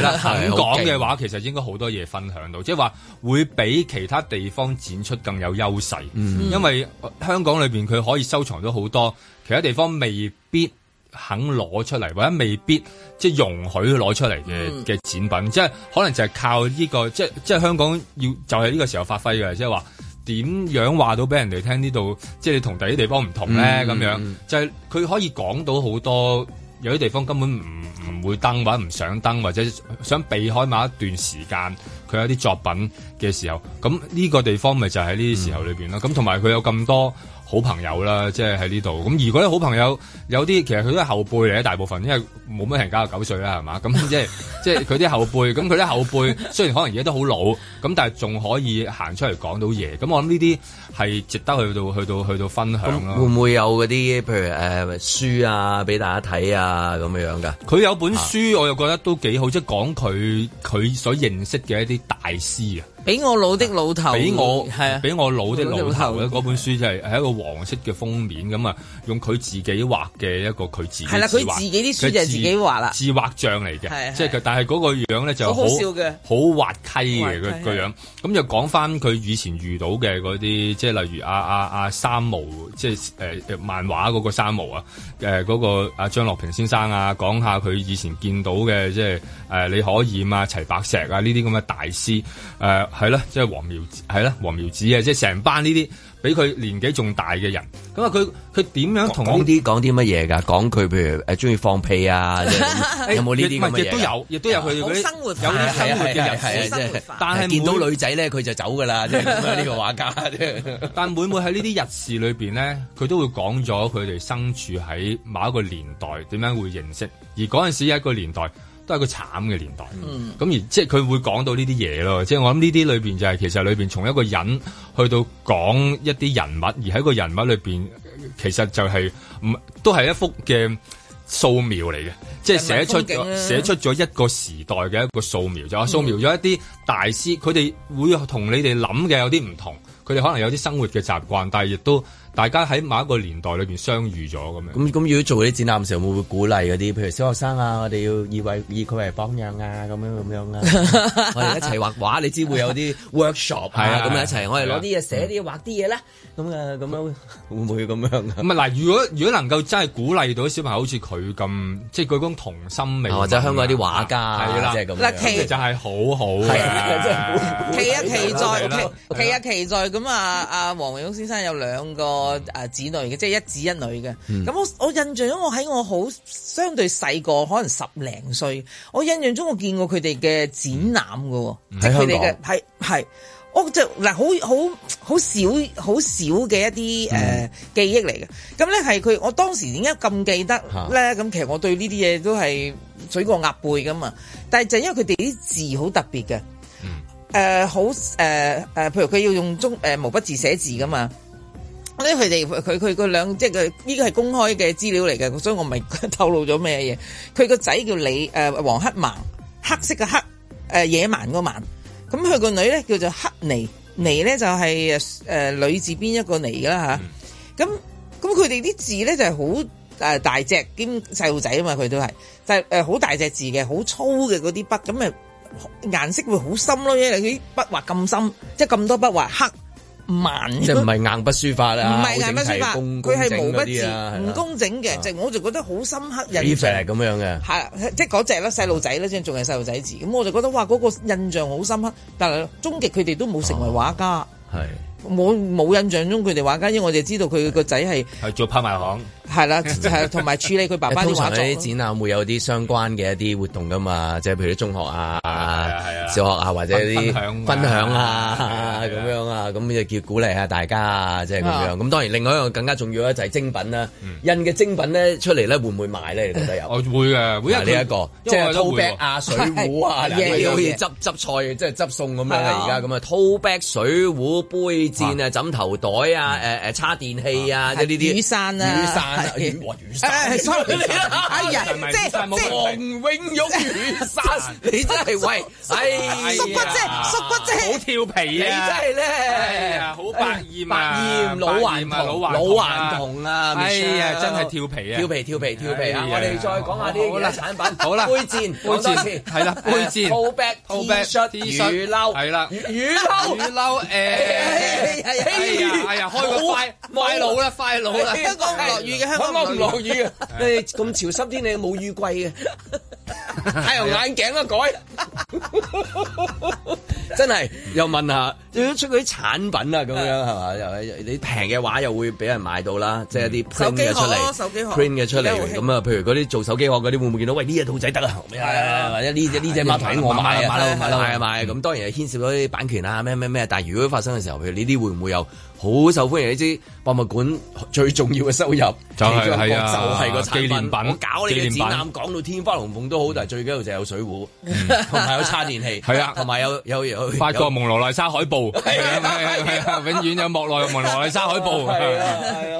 啦，肯講嘅話，其實應該好多嘢分享到，即係話會比其他地方展出更有優勢，因為香港裏邊佢，可以收藏咗好多其他地方未必肯攞出嚟，或者未必即係、就是、容許攞出嚟嘅嘅展品，即係、嗯、可能就係靠呢、這個，即係即係香港要就係呢個時候發揮嘅，即係話點樣話到俾人哋聽呢度，即係、就是、你同第啲地方唔同咧，咁、嗯、樣就係、是、佢可以講到好多有啲地方根本唔唔會登或者唔想登，或者想避開某一段時間佢有啲作品嘅時候，咁呢個地方咪就喺呢啲時候裏邊咯。咁同埋佢有咁多。好朋友啦，即係喺呢度。咁如果啲好朋友有啲，其實佢都係後輩嚟，大部分因為冇乜人加到九歲啦，係嘛？咁即係即係佢啲後輩。咁佢啲後輩雖然可能而家都好老，咁但係仲可以行出嚟講到嘢。咁我諗呢啲係值得去到去到去到分享啦。會唔會有嗰啲譬如誒、呃、書啊，俾大家睇啊咁樣㗎？佢有本書，我又覺得都幾好，即係講佢佢所認識嘅一啲大師啊。俾我老的老頭的，俾我係啊！俾我老的老頭嗰本書就係係一個黃色嘅封面咁啊，的用佢自己畫嘅一個佢自己係啦，佢自己啲書就係自己畫啦，自畫像嚟嘅，即係但係嗰個樣咧就好好笑嘅，好滑稽嘅佢個樣。咁的就講翻佢以前遇到嘅嗰啲，即係例如阿阿阿三毛，即係誒、呃、漫畫嗰個三毛啊，誒、呃、嗰、嗰個阿張樂平先生啊，講下佢以前見到嘅即係。就是誒、呃，李可染啊、齊白石啊呢啲咁嘅大師，誒係啦，即係黃苗子係啦，黃苗子啊，即係成班呢啲比佢年紀仲大嘅人。咁啊，佢佢點樣同呢啲講啲乜嘢㗎？講佢譬如誒中意放屁啊， <laughs> 有冇呢啲咁嘅嘢？亦都有，亦都有佢講、啊、生活，有啲生活嘅日常。但係見到女仔咧，佢就走㗎啦，即係呢個畫家。就是、但每每喺呢啲日常裏邊咧，佢 <laughs> 都會講咗佢哋生處喺某一個年代點樣會認識，而嗰陣時一個年代。都係一個慘嘅年代，咁、嗯、而即係佢會講到呢啲嘢咯，即係我諗呢啲裏邊就係、是、其實裏邊從一個人去到講一啲人物，而喺一個人物裏邊，其實就係、是、唔都係一幅嘅素描嚟嘅，即係寫出寫出咗一個時代嘅一個素描，就係素描咗一啲大師，佢哋、嗯、會同你哋諗嘅有啲唔同，佢哋可能有啲生活嘅習慣，但係亦都。大家喺某一個年代裏邊相遇咗咁樣。咁咁，如果做啲展覽嘅時候，會唔會鼓勵嗰啲，譬如小學生啊，我哋要以為以佢為榜樣啊，咁樣咁樣啊。我哋一齊畫畫，你知會有啲 workshop 啊，咁一齊，我哋攞啲嘢寫啲畫啲嘢啦。咁啊咁樣會唔會咁樣？嗱，如果如果能夠真係鼓勵到小朋友好似佢咁，即係佢公童心未泯，或者香港啲畫家係啦，即係咁。其實就係好好，係真係奇啊奇在奇奇啊奇在咁啊啊黃永玉先生有兩個。個誒，子女嘅即係一子一女嘅。咁我、嗯、我印象中，我喺我好相對細個，可能十零歲。我印象中，我見過佢哋嘅展覽噶，即佢哋嘅係係，我就嗱好好好少好少嘅一啲誒、嗯呃、記憶嚟嘅。咁咧係佢，我當時點解咁記得咧？咁、啊、其實我對呢啲嘢都係水過鴨背噶嘛。但係就因為佢哋啲字好特別嘅，誒好誒誒，譬如佢要用中誒毛筆字寫字噶嘛。我咧，佢哋，佢佢佢兩，即係佢呢個係、這個這個、公開嘅資料嚟嘅，所以我唔係透露咗咩嘢。佢個仔叫李誒、呃、黃黑盲，黑色嘅黑誒、呃、野蠻個蠻。咁佢個女咧，叫做黑尼，尼咧就係、是、誒、呃、女字邊一個尼啦吓。咁咁佢哋啲字咧就係好誒大隻兼細路仔啊嘛，佢都係就係誒好大隻字嘅，好粗嘅嗰啲筆咁咪，顏色會好深咯，啲筆畫咁深，即係咁多筆畫黑。慢即係唔係硬筆書法啦，唔係硬筆書法，佢係毛筆字，唔工些的整嘅，的就我就覺得好深刻印象咁樣嘅，係即係嗰隻啦，細路仔啦，即仲係細路仔字，咁我就覺得哇，嗰個印象好深刻，但係終極佢哋都冇成為畫家，係我冇印象中佢哋畫家，因為我就知道佢個仔係係做拍賣行。係啦，即係同埋處理佢爸爸啲畫作。通常啲展覽會有啲相關嘅一啲活動噶嘛，即係譬如啲中學啊、小學啊，或者啲分享啊咁樣啊，咁就叫鼓勵下大家啊，即係咁樣。咁當然另外一樣更加重要咧，就係精品啦。印嘅精品咧出嚟咧會唔會賣咧？你覺得有？我會嘅，會有一個，即係 tote bag 啊，水壺啊，啲可以執執菜，即係執餸咁樣。而家咁啊，tote bag 水壺杯墊啊，枕頭袋啊，誒誒，叉電器啊，呢啲雨傘啊，係雨或雨山，係錯咗你啦！哎呀，即係即係黃永玉雨山，你真係喂，哎，縮骨遮，縮骨遮，好調皮啊！你真係咧，哎呀，好百厭啊！百厭老頑童，老頑童啊！哎呀，真係調皮啊！調皮，調皮，調皮啊！我哋再講下啲嘅產品，好啦，杯墊，杯墊先，係啦，杯墊，好逼 T 恤，雨褸，係啦，雨雨褸，雨褸，誒，係啊，係啊，開個快快佬啦，快佬啦，香港唔落雨嘅。我唔落雨啊！咁潮濕天你冇雨季嘅，太陽眼鏡啊，改！真係又問下，如果出嗰啲產品啊，咁樣係嘛？又平嘅話，又會俾人買到啦。即係一啲 print 嘅出嚟 print 嘅出嚟。咁啊，譬如嗰啲做手機殼嗰啲，會唔會見到？喂，呢隻兔仔得啊！或者呢隻呢隻馬蹄我買啊！買啊買！咁當然係牽涉到啲版權啊，咩咩咩。但係如果發生嘅時候，譬如呢啲會唔會有？好受歡迎，你知博物館最重要嘅收入就係，係啊，紀念品，我搞呢個展覽，講到天花龍鳳都好，但係最緊要就係有水壺，同埋有插電器，係啊，同埋有有有法國蒙羅麗莎海報，係永遠有莫奈蒙羅麗莎海報，係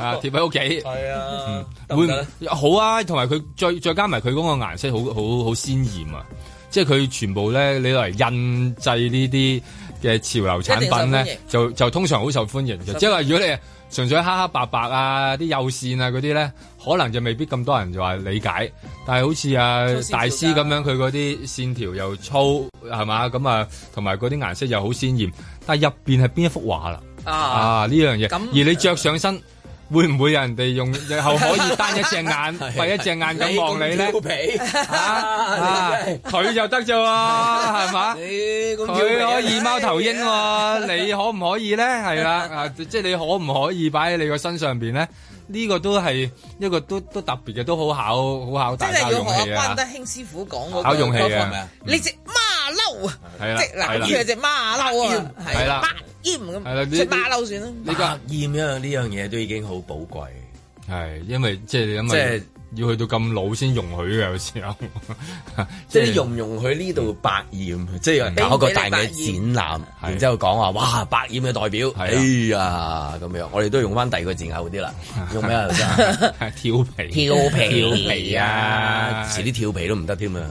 貼喺屋企，係啊，會好啊，同埋佢再再加埋佢嗰個顏色，好好好鮮艷啊，即係佢全部咧，你嚟印製呢啲。嘅潮流產品咧，就就通常好受歡迎嘅，即係話如果你純粹黑黑白白啊，啲幼線啊嗰啲咧，可能就未必咁多人就話理解。但係好似啊大師咁樣，佢嗰啲線條又粗係嘛？咁、嗯、啊，同埋嗰啲顏色又好鮮豔。但係入邊係邊一幅畫啦？啊呢、啊、樣嘢，而你着上身。啊會唔會有人哋用以後可以單一隻眼閉 <laughs> 一隻眼咁望你咧？佢、啊啊、就得啫喎，係嘛 <laughs> 佢可以貓頭鷹喎， <laughs> 你可唔可以咧？係啦、啊，即係你可唔可以擺喺你個身上邊咧？呢、這個都係一、這個都都特別嘅，都好考好考大家勇氣嘅嘢。考勇氣嘅。你隻貓。考馬騮係啦，係啦，係隻馬騮啊，係啦，百厭咁，係啦，隻馬騮算啦。你百厭呢樣呢樣嘢都已經好寶貴，係，因為即係因為要去到咁老先容許嘅，有時候，即係你容唔容許呢度百厭，即係有人搞個大嘅展覽，然之後講話哇百厭嘅代表，哎呀咁樣，我哋都用翻第二個字眼啲啦，用咩調皮，調皮，調皮啊！連啲調皮都唔得添啊！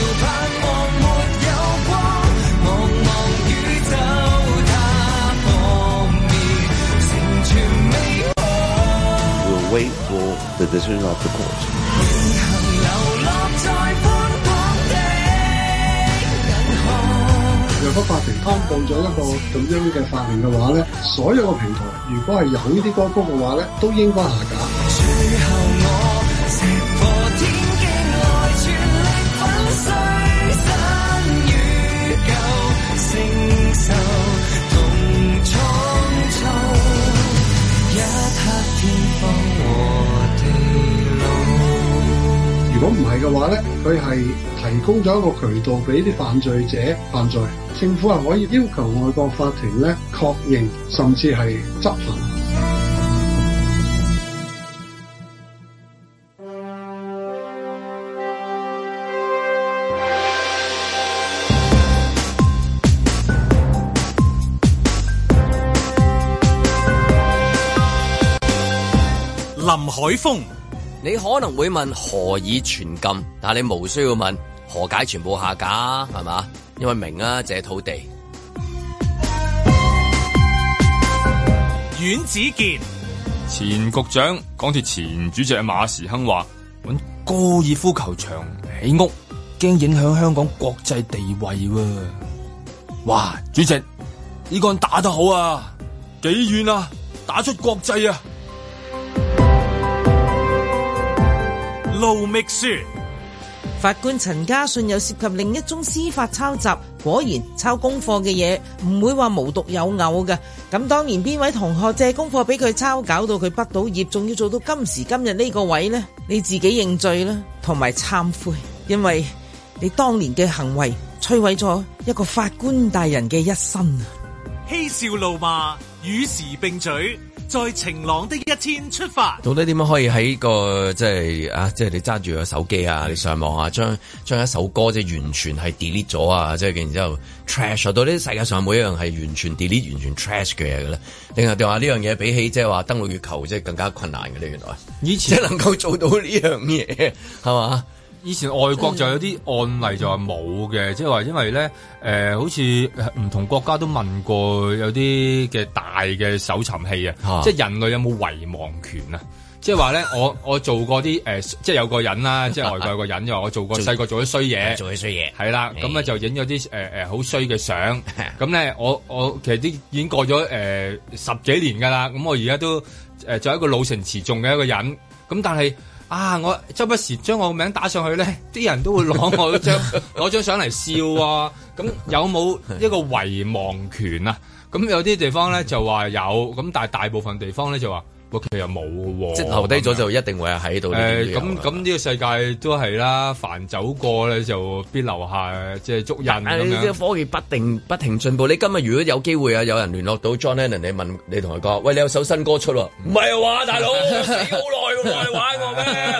若果法庭頒佈咗一個咁樣嘅法令嘅話咧，所有嘅平台如果係有呢啲歌曲嘅話咧，都應該下架。如果唔係嘅話咧，佢係提供咗一個渠道俾啲犯罪者犯罪，政府係可以要求外國法庭咧確認，甚至係執行。林海峰。你可能會問何以全禁？但係你無需要問何解全部下架，係嘛？因為明啊，就係土地。阮子健前局長講住前主席馬時亨話，搵高爾夫球場起屋，驚影響香港國際地位喎。哇！主席呢個人打得好啊，幾遠啊，打出國際啊！盧覓雪，法官陳家信又涉及另一宗司法抄襲，果然抄功課嘅嘢，唔會話無獨有偶噶。咁當年邊位同學借功課俾佢抄，搞到佢畢到業，仲要做到今時今日呢個位呢？你自己認罪啦，同埋懺悔，因為你當年嘅行為摧毀咗一個法官大人嘅一生啊！嬉笑怒罵。與時並舉，在晴朗的一天出發。到底點樣可以喺個即係、就是、啊，即、就、係、是、你揸住個手機啊，你上網啊，將將一首歌即係、就是、完全係 delete 咗啊，即、就、係、是、然之後 trash、啊、到呢世界上每一樣係完全 delete、完全 trash 嘅嘢嘅咧？定係定話呢樣嘢比起即係話登陸月球即係更加困難嘅咧？原來即係以前能夠做到呢樣嘢，係嘛？ <laughs> 以前外國就有啲案例就話冇嘅，即係話因為咧，誒好似唔同國家都問過有啲嘅大嘅搜尋器啊，即係人類有冇遺忘權啊？即係話咧，我我做過啲誒，即係有個人啦，即係外國有個人就話我做過細個做咗衰嘢，做咗衰嘢，係啦，咁咧就影咗啲誒誒好衰嘅相，咁咧我我其實啲已經過咗誒十幾年噶啦，咁我而家都誒做一個老成持重嘅一個人，咁但係。啊！我周不時將我個名打上去咧，啲人都會攞我張攞張相嚟笑啊！咁 <laughs> 有冇一個遺忘權啊？咁有啲地方咧就話有，咁但係大部分地方咧就話。我其實冇喎，即係留低咗就一定會喺度。誒，咁咁呢個世界都係啦，凡走過咧就必留下，即係足印咁樣。但科技不停不停進步，你今日如果有機會啊，有人聯絡到 John Lennon，你問你同佢講，喂，你有首新歌出喎？唔係啊，大佬死好耐，我玩過咩？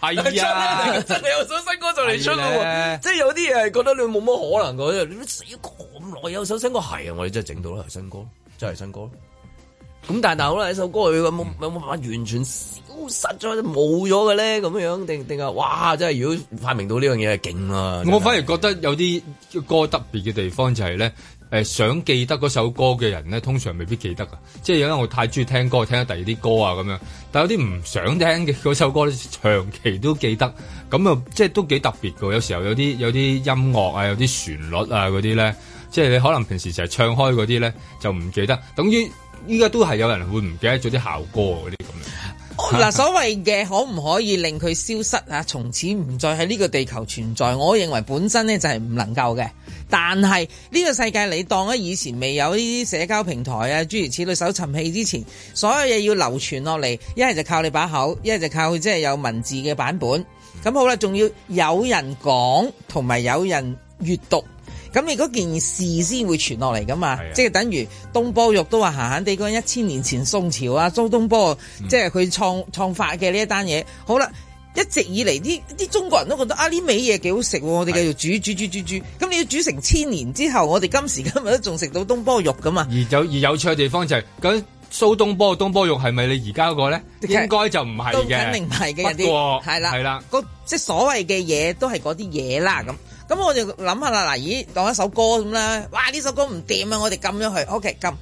係咪先？係啊，真係有首新歌就嚟出啦喎！呢即係有啲嘢係覺得你冇乜可能㗎。你都死咁耐有首新歌係啊！我哋真係整到啦，係新歌，真係新歌。咁但係嗱，但好啦，呢首歌佢有冇有冇辦法完全消失咗，冇咗嘅咧？咁樣定定啊！哇，真係如果發明到呢樣嘢，勁啦！我反而覺得有啲歌特別嘅地方就係咧，誒，想記得嗰首歌嘅人咧，通常未必記得噶即係因為我太中意聽歌，聽下第二啲歌啊咁樣。但係有啲唔想聽嘅嗰首歌，長期都記得，咁啊，即係都幾特別噶有時候有啲有啲音樂啊，有啲旋律啊嗰啲咧，即係你可能平時就係唱開嗰啲咧，就唔記得，等於。依家都係有人會唔記得咗啲校歌嗰啲咁。嗱，所謂嘅可唔可以令佢消失啊，從此唔再喺呢個地球存在，我認為本身呢就係唔能夠嘅。但係呢個世界你當喺以前未有呢啲社交平台啊，諸如此類搜尋器之前，所有嘢要流傳落嚟，一係就靠你把口，一係就靠佢即係有文字嘅版本。咁好啦，仲要有人講同埋有人閱讀。咁你嗰件事先會傳落嚟噶嘛？是的 即係等於東坡肉都話閒閒地講，一千年前宋朝啊，蘇東坡即係佢創創發嘅呢一單嘢。好啦，一直以嚟啲啲中國人都覺得啊，呢味嘢幾好食，我哋繼續煮煮煮煮煮。咁你要煮成千年之後，我哋今時今日都仲食到東坡肉㗎嘛而？而有而有趣嘅地方就係、是，咁蘇東坡東坡肉係咪你而家嗰個咧？實應該就唔係嘅，過都肯定唔係嘅啲，係啦係啦，即係所謂嘅嘢都係嗰啲嘢啦咁。咁我就諗下啦，嗱，咦，當一首歌咁啦，哇，呢首歌唔掂呀，我哋撳咗佢，OK，撳。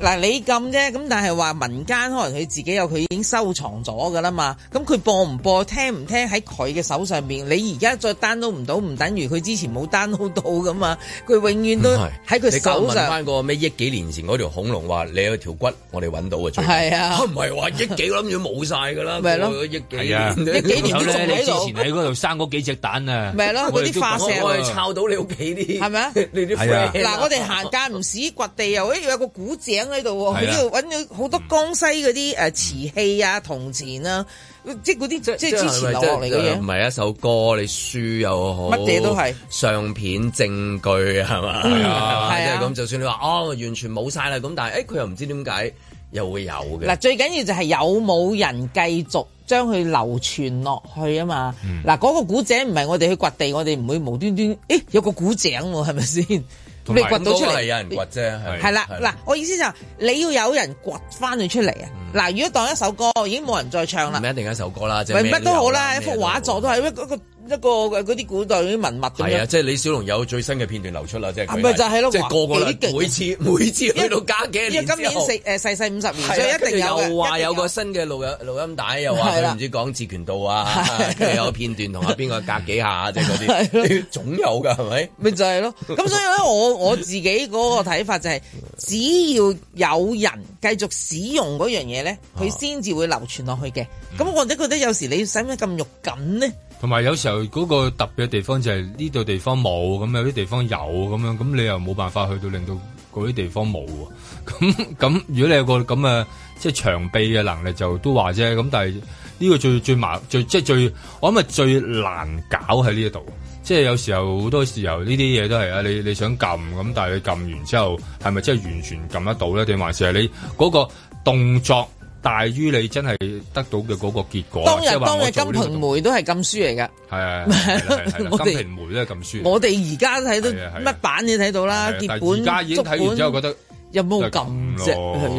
嗱，你撳啫，咁但係話民間可能佢自己有佢已經收藏咗噶啦嘛，咁佢播唔播聽唔聽喺佢嘅手上邊，你而家再 download 唔到，唔等於佢之前冇 download 到噶嘛？佢永遠都喺佢手上。你問翻個咩億幾年前嗰條恐龍話你有條骨，我哋揾到啊！最係啊，唔係話億幾粒月冇曬噶啦，咪係咯？億幾年，億幾年都仲喺度喺嗰度生嗰幾隻蛋啊！咪係咯，嗰啲化石啊，我哋摷到你屋企啲係咪啊？你啲 friend 嗱，我哋行街唔屎掘地又，哎有個古井。喺度，佢呢度揾到好多江西嗰啲誒瓷器啊、銅、嗯、錢啊，即係嗰啲即係之前落嚟嘅嘢。唔係一首歌，你書又好，乜嘢都係相片證據係嘛？即係咁，就算你話哦，完全冇晒啦，咁但係誒，佢又唔知點解又會有嘅。嗱，最緊要就係有冇人繼續將佢流傳落去啊嘛。嗱、嗯，嗰個古井唔係我哋去掘地，我哋唔會無端端誒有個古井喎、啊，係咪先？唔係掘到出嚟，係有人掘啫，係。係的啦，嗱，我意思就係你要有人掘翻佢出嚟啊！嗱、嗯，如果當一首歌已經冇人再唱啦，咪、嗯、一定一首歌即有啦，咪乜都好啦，一幅畫作都係一、嗰個。一個嗰啲古代嗰啲文物係啊，即係李小龍有最新嘅片段流出啦，即係。係咪就係咯？即係個個每次每次去到加幾。因為今年四誒逝世五十年，所以一定有。又話有個新嘅錄音錄音帶，又話佢唔知講截拳道啊，又有片段同阿邊個隔幾下，即係嗰啲。總有噶係咪？咪就係咯。咁所以咧，我我自己嗰個睇法就係，只要有人繼續使用嗰樣嘢咧，佢先至會流傳落去嘅。咁我哋覺得有時你使唔使咁肉緊呢？同埋有，有時候嗰個特別嘅地方就係呢度地方冇咁，咁有啲地方有咁樣，咁你又冇辦法去到令到嗰啲地方冇喎咁，如果你有個咁嘅即係長臂嘅能力，就都話啫。咁但係呢個最最麻最即係最我諗係最難搞喺呢一度。即係有時候好多時候呢啲嘢都係啊，你你想撳咁，但係你撳完之後係咪真係完全撳得到咧？定還是係你嗰個動作？大於你真係得到嘅嗰個結果，當日當日《金瓶梅》都係咁禁書嚟㗎，係啊，《金瓶梅》都係咁禁書。我哋而家睇到乜版你睇到啦，但係而家已經睇完之後覺得有冇咁咯，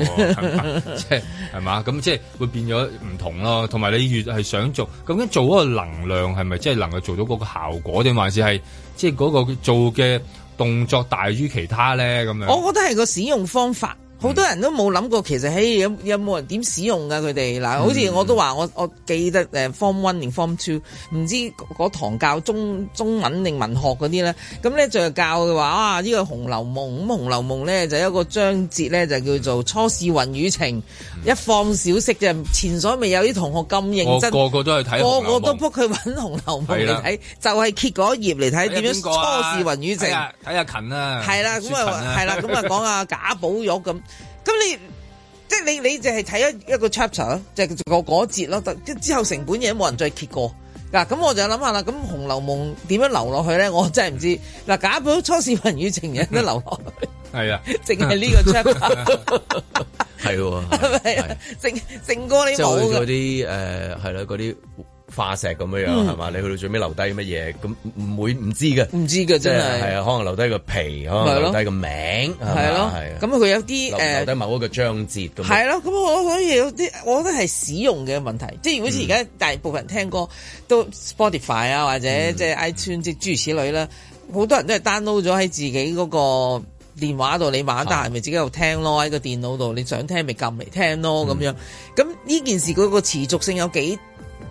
即係係嘛？咁即係會變咗唔同咯。同埋你越係想做，究竟做嗰個能量係咪即係能夠做到嗰個效果，定還是係即係嗰個做嘅動作大於其他咧？咁樣，我覺得係個使用方法。好多人都冇諗過，其實喺有有冇人點使用㗎佢哋嗱，嗯、好似我都話，我我記得 Form One 定 Form Two，唔知嗰堂教中中文定文學嗰啲咧，咁咧就係教嘅話，啊呢個、嗯《紅樓夢》咁，《紅樓夢》咧就一個章節咧就叫做初試雲雨情，嗯、一放小息就前所未有啲同學咁認真，我個個都去睇《紅樓夢》，個個都撲去揾《紅樓夢》嚟睇的，就係揭嗰頁嚟睇點樣初試雲雨情，睇下近啊，係啦、啊，咁啊係啦，咁啊講啊下賈寶玉咁。 <laughs> 咁你即係你你就係睇一一個 chapter，就個嗰節咯，即之後成本嘢冇人再揭過嗱。咁我就諗下啦，咁《紅樓夢》點樣流落去咧？我真係唔知嗱，假如《初試雲雨情》人都流落去？係啊， <laughs> 淨係呢個 chapter 係喎，係咪？淨哥你冇嗰啲誒，係啦嗰啲。化石咁樣係嘛？你去到最尾留低乜嘢？咁唔會唔知嘅，唔知嘅真係係啊！可能留低個皮，可能留低個名，係咯，係。咁佢有啲誒留低某一個章節。係咯，咁我所以有啲，我覺得係使用嘅問題。即係如果好似而家大部分人聽歌都 Spotify 啊，或者即係 iTunes 諸如此類啦，好多人都係 download 咗喺自己嗰個電話度，你買得咪自己喺度聽咯；喺個電腦度你想聽咪撳嚟聽咯。咁樣咁呢件事嗰個持續性有幾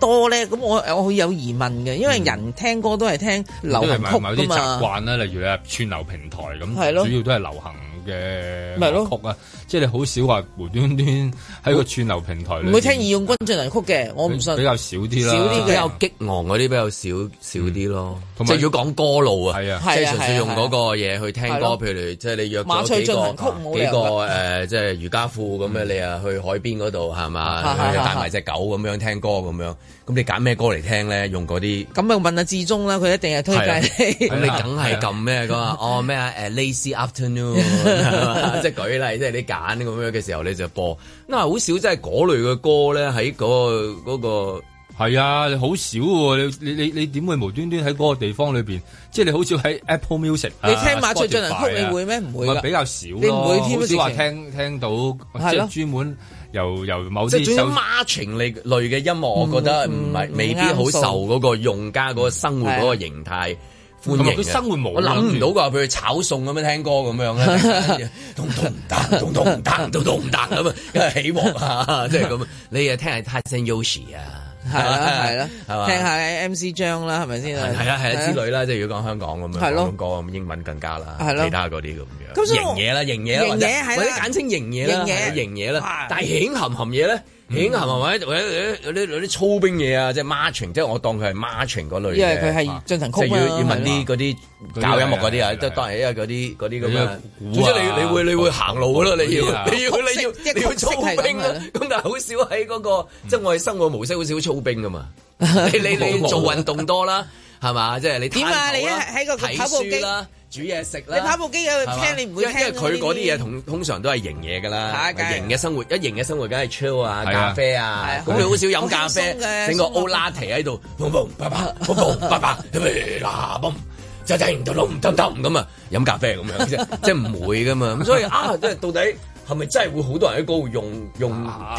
多咧，咁我我好有疑問嘅，因為人聽歌都係聽流行曲㗎嘛，同埋有啲習慣啦，例如啊串流平台咁，係咯，主要都係流行。嘅曲啊，即係你好少話無端端喺個串流平台，唔會聽義勇軍進行曲嘅，我唔信。比較少啲啦，比較激昂嗰啲比較少少啲咯。即係如果講歌路啊，即係純粹用嗰個嘢去聽歌，譬如嚟，即係你約咗幾個幾個誒，即係瑜伽褲咁樣，你啊去海邊嗰度係嘛，帶埋隻狗咁樣聽歌咁樣。咁你揀咩歌嚟聽咧？用嗰啲咁就問阿志忠啦，佢一定係推介你。咁你梗係撳咩噶？哦咩啊？誒 Lazy Afternoon。即係 <laughs> 舉例，即係你揀咁樣嘅時候你就播，因為好少即係嗰類嘅歌咧喺嗰個嗰個係啊，那個那個、啊你好少你你你你點會無端端喺嗰個地方裏邊？即係你好少喺 Apple Music、啊。你聽馬俊俊人曲，你會咩？唔會？比較少，你唔會添？有啲話聽聽到，即係專門由由某啲 marketing 類類嘅音樂，我覺得唔係未必好受嗰個用家嗰個生活嗰個形態。生活啊！我諗唔到㗎，譬如炒餸咁樣聽歌咁樣咧，通通唔得，通通唔得，通通唔得咁啊！起鑊啊，即係咁。你誒聽下 Tyson Yoshi 啊，係啦係啦，係嘛？聽下 MC 張啦，係咪先啊？係啊係啊，之類啦，即係如果講香港咁樣講歌咁，英文更加啦，其他嗰啲咁樣。型嘢啦，型嘢啦，或者簡稱型嘢啦，型嘢啦，型嘢啦，但係鹹含鹹嘢咧。影係咪咪？或者或者有啲有啲操兵嘢啊，即係 Marching，即係我當佢係 Marching 嗰類嘅。因為佢係進行曲，即係要要問啲嗰啲搞音樂嗰啲啊，即係當然因為嗰啲啲咁樣。總之你你會你會行路咯，你要你要你要你要操兵啊！咁但係好少喺嗰個，即係我哋生活模式好少操兵噶嘛。你你做運動多啦，係嘛？即係你。點啊？你一喺個跑步機。煮嘢食咧，你跑步機有聽，你唔會聽。因為佢嗰啲嘢同通常都係型嘢噶啦，型嘅生活，一型嘅生活梗係 chill 啊，咖啡啊，咁你好少飲咖啡，整個 Olati 喺度，boom boom bye bye，boom boom bye bye，嗱 boom，就停就隆氹氹咁啊，飲咖啡咁樣，即係唔會噶嘛，咁所以啊，即係到底。係咪真係會好多人喺高用用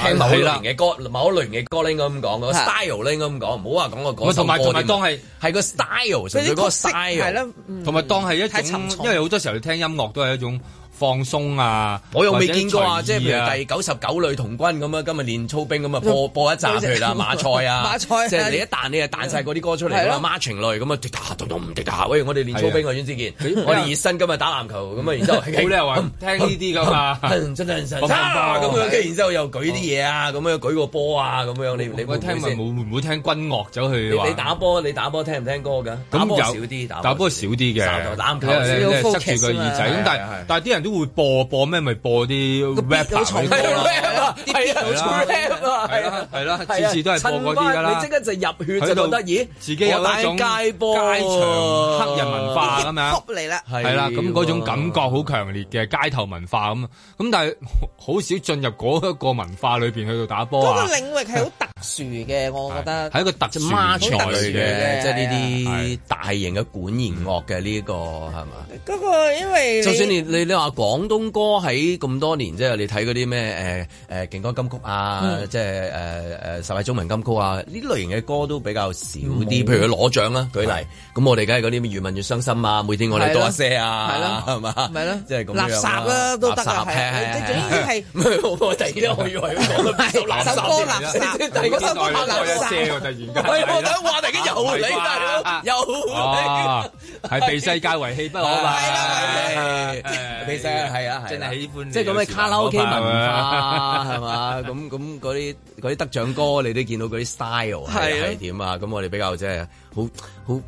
聽某類型嘅歌，某類型嘅歌咧，應該咁講，個 style 咧，應該咁講，唔好話咁樣講。同埋同埋當係係個 style，所以嗰個 style 係咯，同埋當係一種，因為好多時候你聽音樂都係一種。放鬆啊！我又未見過啊，即係譬如第九十九旅童軍咁啊，今日練操兵咁啊，播播一集佢啦，馬賽啊，即係你一彈你就彈晒嗰啲歌出嚟咁啊，marching 類咁啊，滴答咚咚滴答，喂！我哋練操兵啊，總之見，我哋熱身今日打籃球咁啊，然之後冇理由話聽呢啲㗎嘛，真真實實，咁樣跟住然之後又舉啲嘢啊，咁樣舉個波啊，咁樣你你會聽唔？會唔會聽軍樂走去？你打波你打波聽唔聽歌㗎？打波少啲打，打波少啲嘅，打籃球塞住個耳仔，但係但係啲人都。會播播咩？咪播啲 rap，好重 rap 啊！係啊，好 rap 啊！係啦，係啦，次次都係播嗰啲噶啦。你即刻就入血就得意，自己有種街波、街場黑人文化咁樣嚟啦，係啦。咁嗰種感覺好強烈嘅，街頭文化咁。咁但係好少進入嗰一個文化裏邊去到打波嗰個領域係好特殊嘅，我覺得係一個特殊人才嘅，即係呢啲大型嘅管弦樂嘅呢個係嘛？嗰個因為就算你你你話廣東歌喺咁多年，即係你睇嗰啲咩誒誒勁歌金曲啊，即係誒誒十大中文金曲啊，呢類型嘅歌都比較少啲。譬如佢攞獎啦，舉例咁，我哋梗係嗰啲越問越傷心啊，每天我哋多一些啊，係咯，係嘛？咪咯，即係咁樣啦。垃圾啦都得啊，係係。最緊要係我第二垃圾，垃圾。第三都係垃圾，突然間。又你，又。哇！係被世界遺棄不可怕？係啦的，係被世係啊，真係喜歡即係咁嘅卡拉 OK 文化，係嘛？咁咁嗰啲啲得獎歌你也看，你都見到嗰啲 style 係點啊？咁的我哋比較即係好好好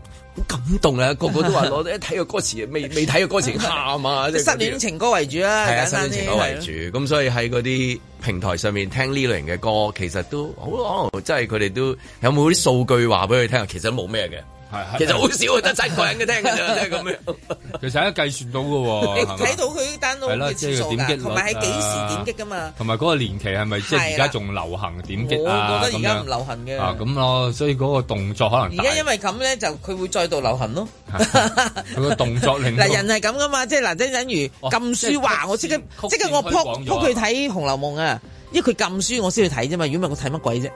感動啊！個都說 trio，個都話攞一睇個歌詞，未未睇個歌詞喊 <laughs> 啊！失戀情歌為主啦，係啊，失戀情歌為主。咁所以喺嗰啲平台上面聽呢類型嘅歌、歌，其實都好即係佢哋都有冇啲數據話俾佢聽啊？其實都冇咩嘅。其實好少啊，得曬一個人嘅聽㗎啫，即係咁樣。其實係計算到嘅喎，你睇到佢單到嘅次數㗎，同埋係幾時點擊㗎嘛，同埋嗰個年期係咪即係而家仲流行點擊，我覺得而家唔流行嘅。咁咯，所以嗰個動作可能而家因為咁咧，就佢會再度流行咯。佢個動作令嗱人係咁㗎嘛，即係嗱，即等如咁說話我即刻即刻我撲撲佢睇《紅樓夢》啊！因為佢禁書，我先去睇啫嘛。如果唔係，我睇乜鬼啫？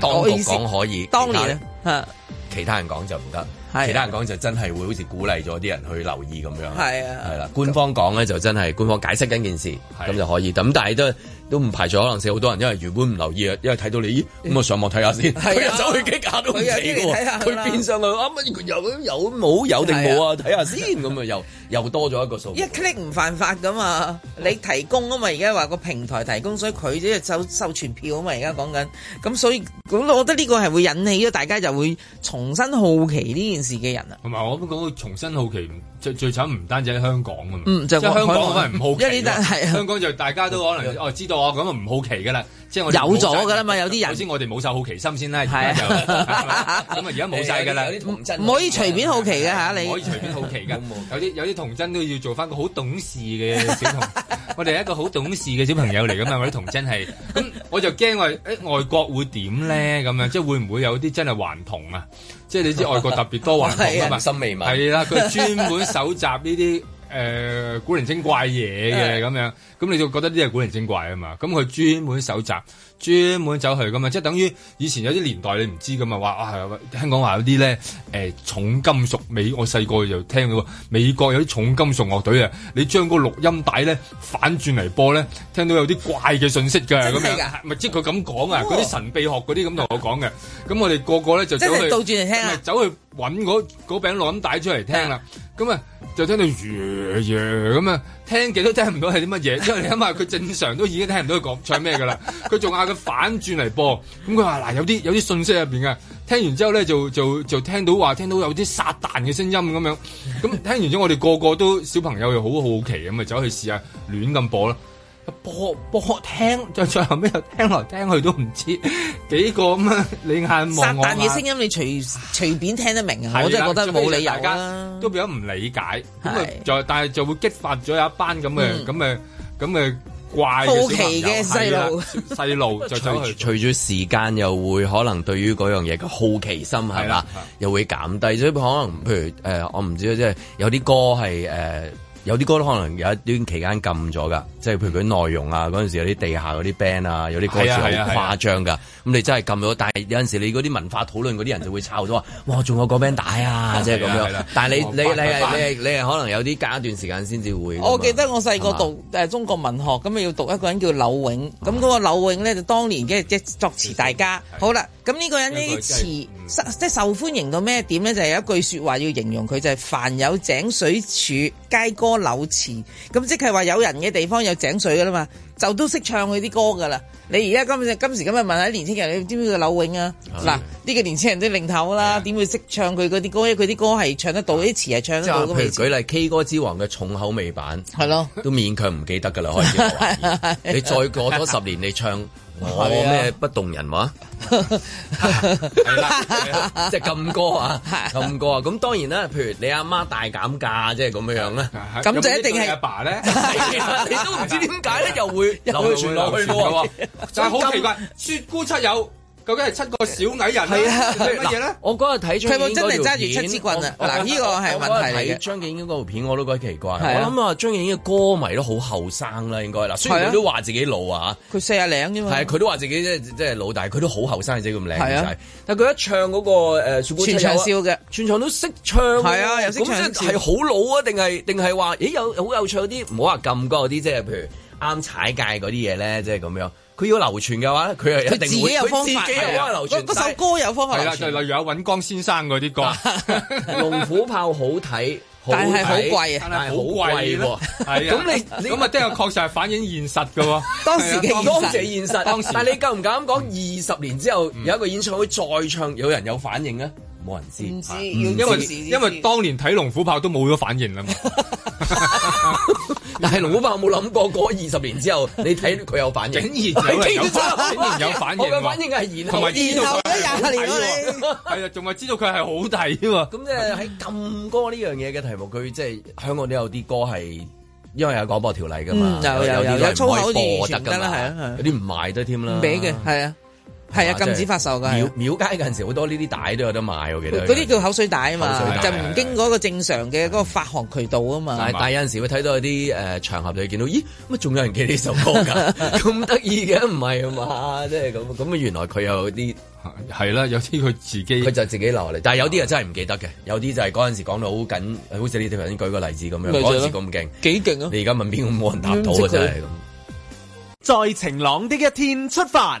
當局講可以，當然嚇。其他人講就唔得，其他人講就真係會好似鼓勵咗啲人去留意咁樣。係啊，係啦。官方講咧就真係官方解釋緊件事，咁就可以。咁但係都都唔排除，可能係好多人因為原本唔留意啊，因為睇到你咁啊，上網睇下先。佢又走去揀到死喎。佢變上嚟，啱又咁有冇有定冇啊？睇下先咁啊又。又多咗一個數，一 click 唔犯法噶嘛？ <laughs> 你提供啊嘛？而家話個平台提供，所以佢即係收收傳票啊嘛？而家講緊，咁所以我覺得呢個係會引起咗大家就會重新好奇呢件事嘅人啊。同埋我咁講重新好奇，最最慘唔單止喺香港啊嘛，嗯就是、即係香港可能唔好奇，因為呢單係香港就大家都可能、啊、哦知道啊，咁啊唔好奇噶啦。即係我有咗㗎啦嘛，有啲人首先我哋冇晒好奇心先啦，咁啊而家冇晒㗎啦，唔可以隨便好奇㗎吓你，可以隨便好奇㗎，有啲有啲童真都要做翻個好懂事嘅小童，我哋係一個好懂事嘅小朋友嚟㗎嘛，嗰啲童真係，咁我就驚我誒外國會點咧咁樣，即係會唔會有啲真係頑童啊？即係你知外國特別多頑童㗎嘛，心未泯，係啦，佢專門搜集呢啲。誒、呃、古靈精怪嘢嘅咁樣，咁你就覺得呢啲係古靈精怪啊嘛，咁佢專門搜集。專門走去㗎嘛，即係等於以前有啲年代你唔知㗎嘛。話啊係聽講話有啲咧、呃、重金屬美，我細個就聽到美國有啲重金屬樂隊啊，你將個錄音帶咧反轉嚟播咧，聽到有啲怪嘅信息㗎咁樣，咪即係佢咁講啊，嗰啲、哦、神秘學嗰啲咁同我講嘅。咁我哋個個咧就走去倒轉嚟聽、啊、走去揾嗰嗰餅錄音帶出嚟聽啦。咁啊的就聽到耶耶咁啊。耶耶聽極都聽唔到係啲乜嘢，因為你諗下佢正常都已經聽唔到佢講唱咩噶啦，佢仲嗌佢反轉嚟播，咁佢話嗱，有啲有啲信息入邊噶，聽完之後咧就就就，就聽到話聽到有啲撒旦嘅聲音咁樣，咁聽完咗我哋個個都小朋友又好好奇咁咪走去試下亂咁播啦。播播聽，再最後尾又聽來聽去都唔知，幾個咁你眼望嘅聲音，你隨隨便聽得明啊？我真係覺得冇理由啦，都比較唔理解。咁啊，就但係就會激發咗一班咁嘅咁嘅咁嘅怪好奇嘅細路，細路就隨住時間又會可能對於嗰樣嘢嘅好奇心係嘛，又會減低，所以可能譬如誒，我唔知即係有啲歌係誒。有啲歌都可能有一段期間禁咗噶，即係譬如佢內容啊，嗰陣時有啲地下嗰啲 band 啊，有啲歌詞好誇張噶。咁你真係禁咗，但係有陣時你嗰啲文化討論嗰啲人就會抄咗話，哇，仲有個 band 帶啊，即係咁樣。但你你你你你可能有啲隔一段時間先至會。我記得我細個讀誒中國文學，咁啊要讀一個人叫柳永，咁嗰個柳永咧就當年即係即係作詞大家。好啦，咁呢個人呢啲詞。即係受歡迎到咩點呢？就係有一句說話要形容佢就係、是、凡有井水處，皆歌柳詞。咁即係話有人嘅地方有井水噶啦嘛。就都識唱佢啲歌噶啦！你而家今時今日問下啲年輕人，你知唔知佢柳永啊？嗱，呢個年輕人都擰頭啦，點會識唱佢嗰啲歌？因為佢啲歌係唱得到，啲詞係唱得到咁嘅詞。譬如舉例，K 歌之王嘅重口味版係咯，都勉強唔記得噶啦。可以，你再過多十年，你唱我咩不動人話，係啦，即係禁歌啊，禁歌啊！咁當然啦，譬如你阿媽大減價，即係咁樣樣啦。咁就一定係阿爸咧，你都唔知點解咧，又會。流傳落去就係好奇怪，雪姑七友究竟係七個小矮人啊？係乜嘢咧？我嗰日睇張，佢有真係揸住七支棍啊！嗱，依個係問題嚟嘅。張敬英嗰部片我都覺得奇怪。我諗啊，張敬英嘅歌迷都好後生啦，應該嗱，雖然佢都話自己老啊，佢四啊零啫嘛。係佢都話自己即即係老，但佢都好後生，自己咁靚但佢一唱嗰個誒，雪姑七友，全場笑嘅，全場都識唱啊，有識唱。咁係好老啊？定係定係話？咦，有好有趣嗰啲，唔好話禁歌嗰啲，即係譬如。啱踩界嗰啲嘢咧，即係咁樣。佢要流傳嘅話，佢係一定自己有方法。嗰首歌有方法。係啦，就例如有尹光先生嗰啲歌，《龍虎豹》好睇，但係好貴啊，係好貴喎。係啊，咁你咁啊，都有確實係反映現實嘅喎。當時當時現實，但係你夠唔夠膽講二十年之後有一個演唱會再唱，有人有反應咧？冇人知，因為因為當年睇《龍虎豹》都冇咗反應啦。但係《龍虎豹》有冇諗過，過二十年之後，你睇佢有反應？竟然有反應，有反應，我嘅反應係延後咗廿年喎。係啊，仲係知道佢係好大添嘛。咁即係喺禁歌呢樣嘢嘅題目，佢即係香港都有啲歌係因為有廣播條例噶嘛，有有有粗口而得啦，係啊，有啲唔賣得添啦，唔俾嘅，係啊。係啊，禁止發售噶。廟街嗰陣時好多呢啲帶都有得賣，我記得。嗰啲叫口水帶啊嘛，就唔經過一個正常嘅嗰個發行渠道啊嘛。但係有陣時會睇到啲誒場合你見到，咦，乜仲有人記呢首歌噶？咁得意嘅唔係啊嘛？即係咁，咁原來佢有啲係啦，有啲佢自己，佢就自己留嚟。但係有啲人真係唔記得嘅，有啲就係嗰陣時講到好緊，好似呢條片舉個例子咁樣，嗰陣時咁勁，幾勁啊！你而家問邊個冇人答到真係咁。在晴朗的一天出發。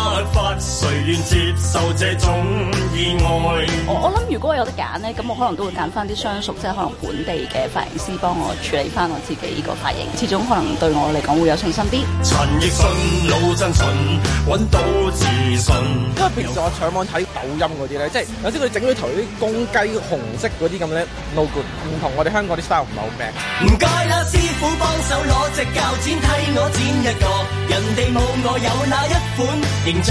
誰接受這種意外我我諗如果我有得揀呢，咁我可能都會揀翻啲相熟，即係可能本地嘅髮型師幫我處理翻我自己呢個髮型，始終可能對我嚟講會有信心啲。陳奕迅老真純，搵到自信。因為平時我上網睇抖音嗰啲咧，即係有啲佢整咗頭啲公雞紅色嗰啲咁咧 no good，唔同我哋香港啲 style 唔係好 match 唔該啦，師傅幫手攞隻鉸剪替我剪一個，人哋冇我有那一款。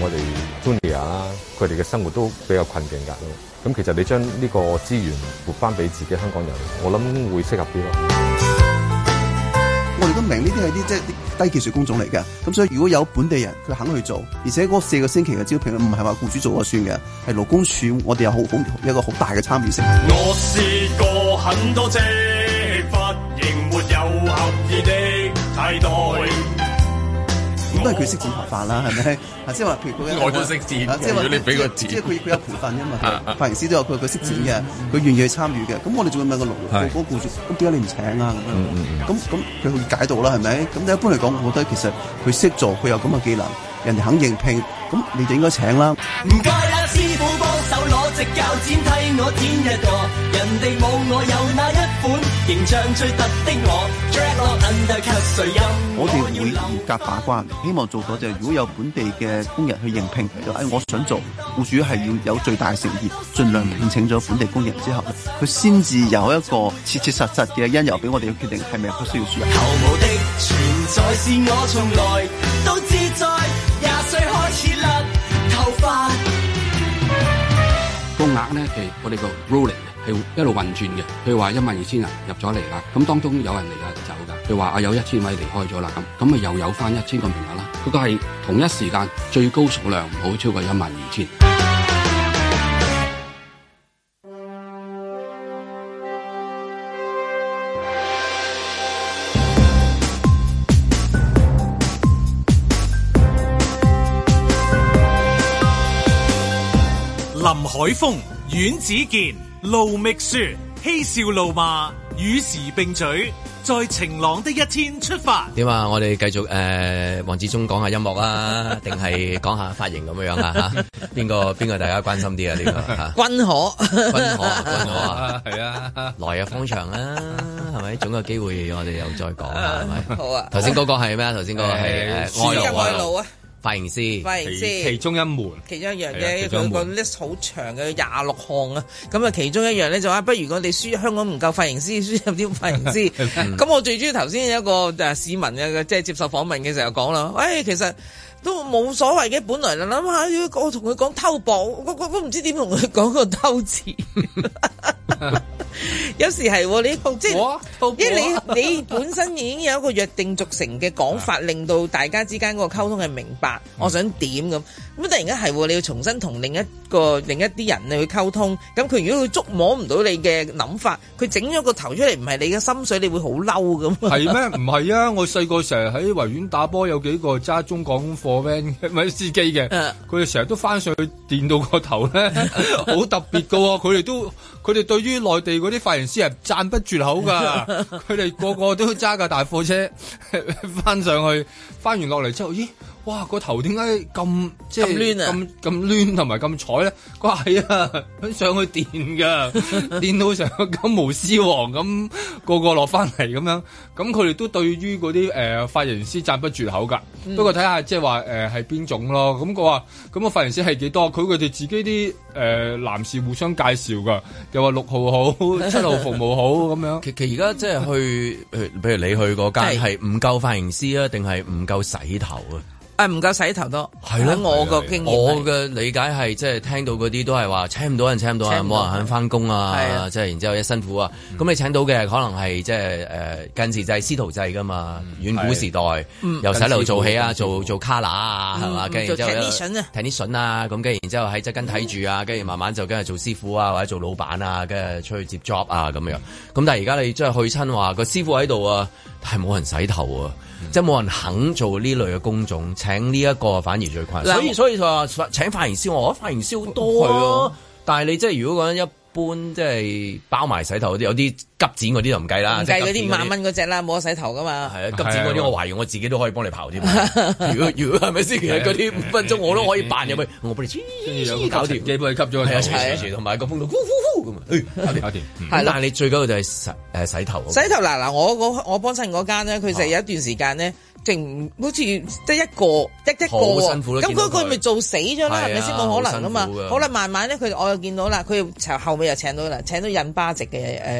我哋 Junior 啦，佢哋嘅生活都比較困境㗎。咁其實你將呢個資源撥翻俾自己香港人，我諗會適合啲咯。我哋都明呢啲係啲即係低技術工種嚟嘅。咁所以如果有本地人佢肯去做，而且嗰四個星期嘅招聘唔係話僱主做就算嘅，係勞工處，我哋有好好一個好大嘅參與性。我試過很多型，發沒有合意哦、都係佢識剪頭髮啦，係咪？即係話譬如佢，我都識剪。即係話你俾個剪。即係佢，佢有培訓噶嘛？髮型師都有，佢佢識剪嘅，佢願、 <laughs> 嗯、意去參與嘅。咁、嗯、我哋仲要問個老嗰嗰故事，點解是你唔請啊？咁咁佢去解到啦，係咪？咁一般嚟講，我覺得其實佢識做，佢有咁嘅技能，人哋肯應聘，咁你就應該請啦。最我哋會嚴格把關，希望做到就係，如果有本地嘅工人去應聘，誒、哎，我想做，僱主係要有最大誠意，盡量聘請咗本地工人之後咧，佢先至有一個切切實實嘅因由俾我哋去決定係咪必須要輸入。頭無的係一路運轉嘅，譬如話一萬二千人入咗嚟啦，咁當中有人嚟，有就走噶。譬如話啊，有一千位離開咗啦，咁咁咪又有翻一千個名額啦。佢都係同一時間最高數量，唔好超過一萬二千。林海峰、阮子健。盧覓雪，嬉笑怒罵與時並舉，在晴朗的一天出發。點、呃、啊？我哋繼續誒，黃志忠講下音樂啦，定係講下髮型咁樣樣啊？吓，邊個邊個大家關心啲、這個、啊？呢個啊，君可和， <laughs> 君可和，君可啊！係啊，來日方長啊，係咪？總有機會，我哋又再講啊，係咪？ <laughs> 好啊！頭先嗰個係咩啊？頭先嗰個係、 <laughs> 哎、外露外啊！髮型師，其中一門，其中一樣嘢佢個 list 好長嘅廿六項啊，咁啊，其中一，其中一樣咧就話，不如我哋輸香港唔夠髮型師，輸入啲髮型師。咁、 <laughs> 嗯、我最中意頭先一個誒市民嘅，即、就、係、是、接受訪問嘅時候講啦，誒、哎，其實。都冇所謂嘅，本來諗下，我同佢講偷步，我我我唔知點同佢講個偷字。有時係你即係，因你你本身已經有一個約定俗成嘅講法，令到大家之間嗰個溝通係明白，我想點咁。咁突然間係你要重新同另一個、另一啲人你去溝通，咁佢如果佢捉摸唔到你嘅諗法，佢整咗個頭出嚟唔係你嘅心水，你會好嬲咁。係咩？唔係啊！我細個成日喺維園打波，有幾個揸中港。我 v a 係司機嘅，佢哋成日都翻上去電到個頭咧，好 <laughs> 特別噶。佢哋都佢哋對於內地嗰啲髮型師係讚不絕口噶。佢哋 <laughs> 個個都揸架大貨車 <laughs> 翻上去，翻完落嚟之後，咦？哇！個頭點解咁即係咁咁攣同埋咁彩咧？佢係麼啊，佢、哎、上去電噶， <laughs> 電到成個金毛獅王咁，個個落翻嚟咁樣。咁佢哋都對於嗰啲誒髮型師讚不絕口噶。嗯、不過睇下即係話誒係邊種咯。咁佢話咁個髮型師係幾多？佢佢哋自己啲誒、呃、男士互相介紹噶，又話六號好，七 <laughs> 號服務好咁樣。其其而家即係去，譬 <laughs> 如你去嗰間係唔夠髮型師啊，定係唔夠洗頭啊？唔夠洗頭多，係咯！我個經驗，我嘅理解係即係聽到嗰啲都係話請唔到人請唔到啊，冇人肯返工啊，即係然之後一辛苦啊。咁你請到嘅可能係即係誒近時制司徒制噶嘛，遠古時代由洗頭做起啊，做做卡拿啊，係嘛？跟住然之後睇啲筍啊，咁跟住然之後喺側根睇住啊，跟住慢慢就跟住做師傅啊，或者做老闆啊，跟住出去接 job 啊咁樣。咁但係而家你真係去親話個師傅喺度啊。係冇人洗頭啊！嗯、即係冇人肯做呢類嘅工種，請呢一個反而最困難。所以所以就話請髮型師，我覺得髮型師好多咯，啊啊。但係你即係如果講一。般即係包埋洗頭嗰啲，有啲急剪嗰啲就唔計啦。計嗰啲萬蚊嗰隻啦，冇得洗頭噶嘛。係啊，急剪嗰啲我懷疑我自己都可以幫你刨添。如果如果係咪先嗰啲五分鐘，我都可以扮入去，我幫你黐黐搞掂。基本吸咗，同埋個風度呼呼呼咁搞掂搞掂。係，但你最緊要嘅就係洗頭。洗頭。洗頭嗱嗱，我我我幫襯嗰間咧，佢就有一段時間咧。淨好似得一個，得一個喎，咁佢佢咪做死咗啦，係咪先？冇可能啊嘛，好啦，慢慢咧，佢我又見到啦，佢又後尾又請到啦，請到印巴籍嘅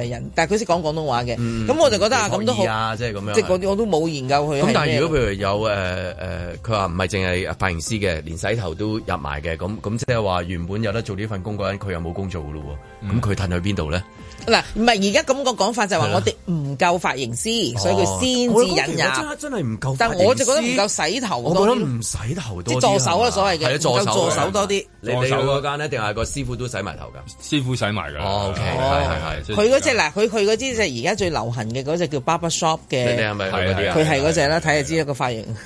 人，但係佢識講廣東話嘅，咁、嗯、我就覺得啊，咁都好啊，即係咁樣。即、就是、嗰啲我都冇研究佢。咁但係如果譬如有誒佢話唔係淨係髮型師嘅，連洗頭都入埋嘅，咁咁即係話原本有得做呢份工嗰陣，佢又冇工做喇咯喎，咁佢褪去邊度咧？嗱，唔係而家咁個講法就係話我哋唔夠髮型師，所以佢先至引人。真係唔夠，但我就覺得唔夠洗頭多啲。唔洗頭多啲助手啦，所謂嘅助手多啲。助手嗰間咧，定係個師傅都洗埋頭噶？師傅洗埋噶。OK，係係。佢嗰隻嗱，佢嗰啲就而家最流行嘅嗰隻叫 barber shop 嘅。你哋係咪佢係嗰隻啦，睇下知一個髮型。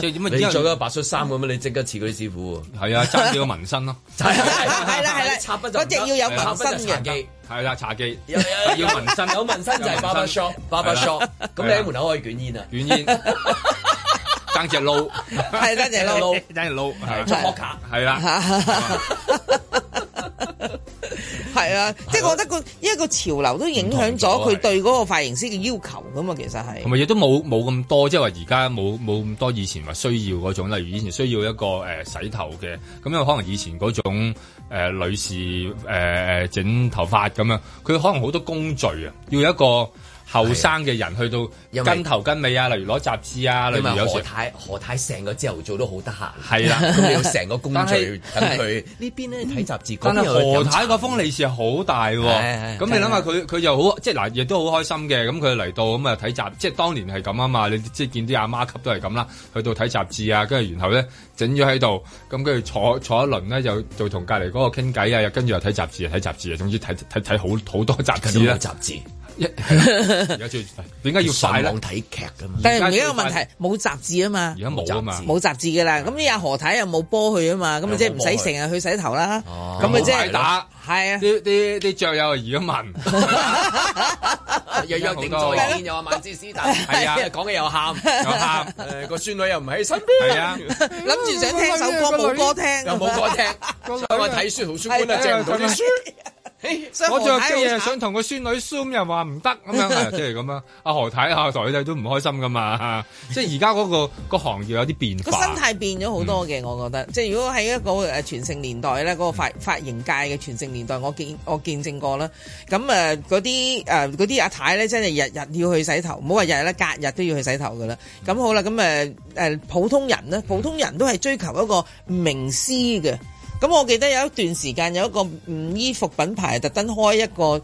即係點啊？白恤衫咁樣，你即刻似佢啲師傅喎。係啊，賺少個紋身咯。係啦係啦。係啦嗰隻要有紋身嘅。係啦，茶几要紋身，有紋身就係 barbershop，barbershop。咁 Baba Shock, 了你喺門口可以捲煙啊，捲煙，爭隻撈，係爭隻撈，爭隻撈，係啊， <laughs> 卡，係啦 <laughs> 了。 <laughs> 係 <laughs> 啊，是啊，即係我覺得個一個潮流都影響咗佢對嗰個髮型師嘅要求咁嘛，其實係同埋亦都冇冇咁多，即係話而家冇冇咁多以前話需要嗰種，例如以前需要一個誒、呃、洗頭嘅，咁因為可能以前嗰種誒、呃、女士誒誒整頭髮咁樣，佢可能好多工序啊，要一個。後生嘅人去到跟頭跟尾啊，例如攞雜誌啊，例如何太何太成個朝頭早都好得閒。係啦，有成個工具等佢呢邊咧睇雜誌。但係何太個風利是好大喎。咁你諗下佢佢又好即係嗱，亦都好開心嘅。咁佢嚟到咁啊睇雜即係當年係咁啊嘛。你即係見啲阿媽級都係咁啦，去到睇雜誌啊，跟住然後咧整咗喺度，咁跟住坐坐一輪咧就就同隔離嗰個傾偈啊，又跟住又睇雜誌睇雜誌啊，總之睇睇睇好好多雜誌啦。而家最點解要繁忙睇劇嘅嘛？但係另一個問題，冇雜誌啊嘛，而家冇啊嘛，冇雜誌嘅啦。咁呢阿何太又冇波去啊嘛，咁啊即係唔使成日去洗頭啦。咁啊即係打係啊，啲啲啲雀友而家問，又有頂座又見又話買絲絲打，係啊，講嘅又喊又喊，誒個孫女又唔喺身邊，係啊，諗住想聽首歌冇歌聽，又冇歌聽，咁啊睇書好書欸、太太我着機啊，想同個孫女 zoom，又話唔得咁樣，即係咁樣阿何太啊，台弟都唔開心噶嘛， <laughs> 即係而家嗰個個行業有啲變化，個心態變咗好多嘅，嗯、我覺得。即係如果喺一個誒承年代咧，嗰、嗰個髮髮型界嘅全盛年代，我見我見證過啦。咁啊，嗰啲誒嗰啲阿太咧，真係日日要去洗頭，唔好話日日咧，隔日都要去洗頭噶啦。咁好啦，咁誒誒，普通人咧，普通人都係追求一個名師嘅。咁我記得有一段時間有一個唔衣服品牌特登開一個